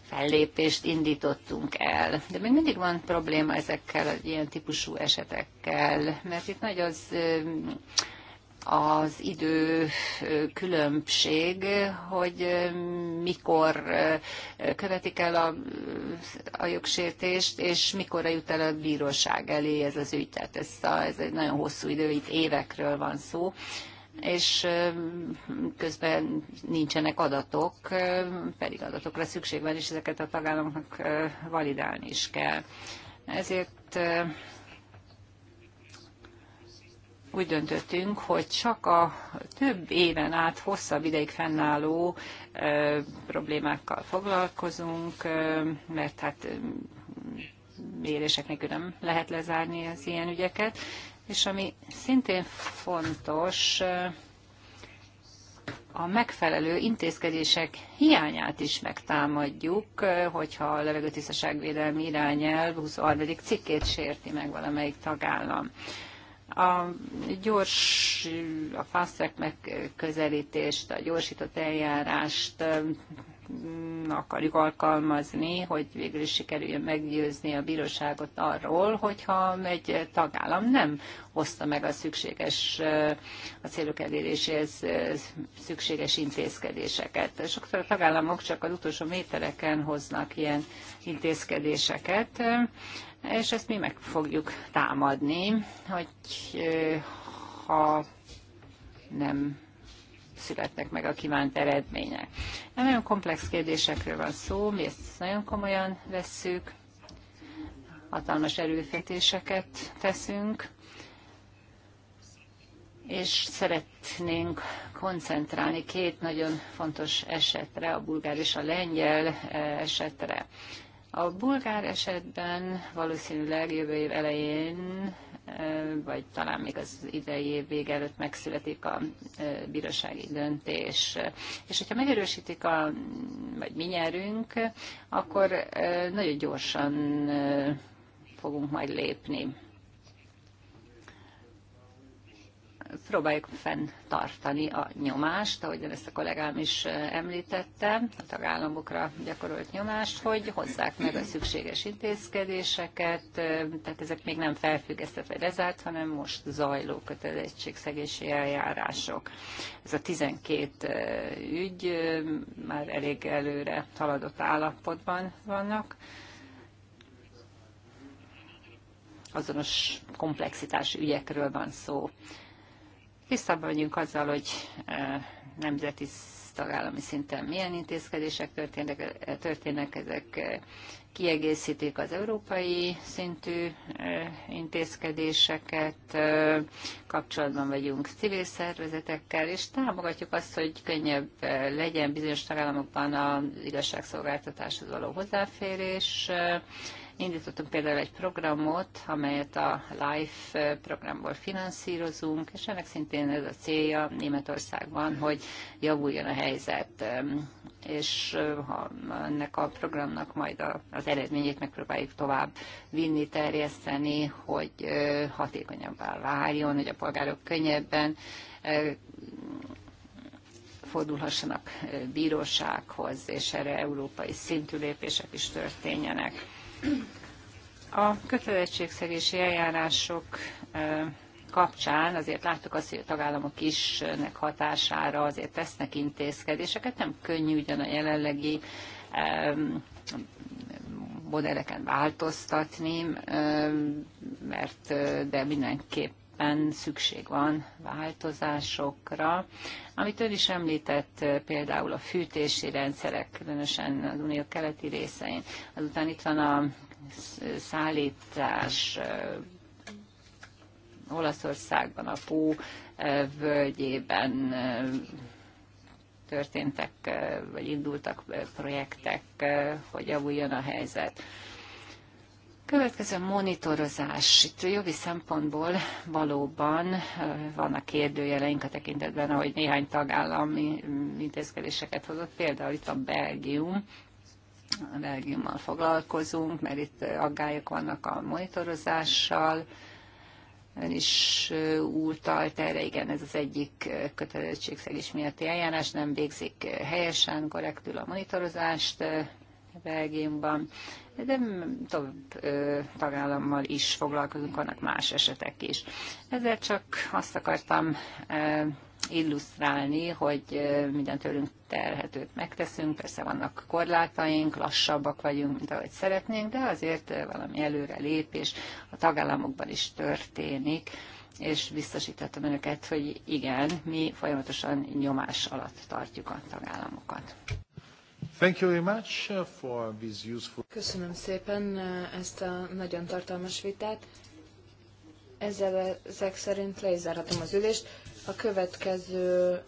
[SPEAKER 3] fellépést indítottunk el. De még mindig van probléma ezekkel az ilyen típusú esetekkel, mert itt nagy az az idő különbség, hogy mikor követik el a, a jogsértést, és mikor jut el a bíróság elé ez az ügy. Tehát ez, a, ez egy nagyon hosszú idő, itt évekről van szó és közben nincsenek adatok, pedig adatokra szükség van, és ezeket a tagállamoknak validálni is kell. Ezért úgy döntöttünk, hogy csak a több éven át hosszabb ideig fennálló problémákkal foglalkozunk, mert hát méréseknek nem lehet lezárni az ilyen ügyeket, és ami szintén fontos, a megfelelő intézkedések hiányát is megtámadjuk, hogyha a levegőtisztaságvédelmi irányelv 23. cikkét sérti meg valamelyik tagállam. A gyors, a fast track megközelítést, a gyorsított eljárást akarjuk alkalmazni, hogy végül is sikerüljön meggyőzni a bíróságot arról, hogyha egy tagállam nem hozta meg a szükséges, a célok eléréséhez szükséges intézkedéseket. Sokszor a tagállamok csak az utolsó métereken hoznak ilyen intézkedéseket, és ezt mi meg fogjuk támadni, hogy eh, ha nem születnek meg a kívánt eredmények. Nem nagyon komplex kérdésekről van szó, mi ezt nagyon komolyan vesszük, hatalmas erőfetéseket teszünk, és szeretnénk koncentrálni két nagyon fontos esetre, a bulgár és a lengyel eh, esetre. A bulgár esetben valószínűleg jövő év elején vagy talán még az idei év vége előtt megszületik a bírósági döntés. És hogyha megerősítik, a, vagy mi nyerünk, akkor nagyon gyorsan fogunk majd lépni. próbáljuk fenntartani a nyomást, ahogy ezt a kollégám is említette, a tagállamokra gyakorolt nyomást, hogy hozzák meg a szükséges intézkedéseket, tehát ezek még nem vagy lezárt, hanem most zajló kötelezettségszegési eljárások. Ez a 12 ügy már elég előre haladott állapotban vannak azonos komplexitás ügyekről van szó tisztában vagyunk azzal, hogy nemzeti tagállami szinten milyen intézkedések történnek, történnek ezek kiegészítik az európai szintű intézkedéseket, kapcsolatban vagyunk civil szervezetekkel, és támogatjuk azt, hogy könnyebb legyen bizonyos tagállamokban az igazságszolgáltatáshoz való hozzáférés, Indítottunk például egy programot, amelyet a LIFE programból finanszírozunk, és ennek szintén ez a célja Németországban, hogy javuljon a helyzet, és ha ennek a programnak majd az eredményét megpróbáljuk tovább vinni, terjeszteni, hogy hatékonyabbá váljon, hogy a polgárok könnyebben fordulhassanak bírósághoz, és erre európai szintű lépések is történjenek. A kötelezettségszegési eljárások kapcsán azért láttuk azt, hogy a tagállamok isnek hatására azért tesznek intézkedéseket, nem könnyű ugyan a jelenlegi modelleken változtatni, mert de mindenképp mindenképpen szükség van változásokra. Amit ön is említett, például a fűtési rendszerek, különösen az unió keleti részein. Azután itt van a szállítás Olaszországban, a Pó völgyében történtek, vagy indultak projektek, hogy javuljon a helyzet. Következő monitorozás. Itt jogi szempontból valóban vannak kérdőjeleink a tekintetben, ahogy néhány tagállami mm, intézkedéseket hozott, például itt a Belgium, a Belgiummal foglalkozunk, mert itt aggályok vannak a monitorozással, ön is útalt erre, igen, ez az egyik kötelezettségszegés miatti eljárás, nem végzik helyesen, korrektül a monitorozást Belgiumban de több tagállammal is foglalkozunk, vannak más esetek is. Ezzel csak azt akartam illusztrálni, hogy minden tőlünk terhetőt megteszünk, persze vannak korlátaink, lassabbak vagyunk, mint ahogy szeretnénk, de azért valami előre lépés a tagállamokban is történik, és biztosítottam önöket, hogy igen, mi folyamatosan nyomás alatt tartjuk a tagállamokat.
[SPEAKER 1] Thank you very much uh, for this useful... Köszönöm
[SPEAKER 2] szépen uh, ezt a nagyon tartalmas vitát. Ezzel ezek szerint lezárhatom az ülést. A következő,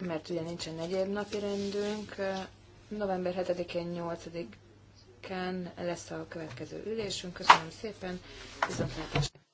[SPEAKER 2] mert ugye nincsen egyéb napi rendünk, uh, november 7-én, 8-án lesz a következő ülésünk. Köszönöm szépen, viszontlátásra!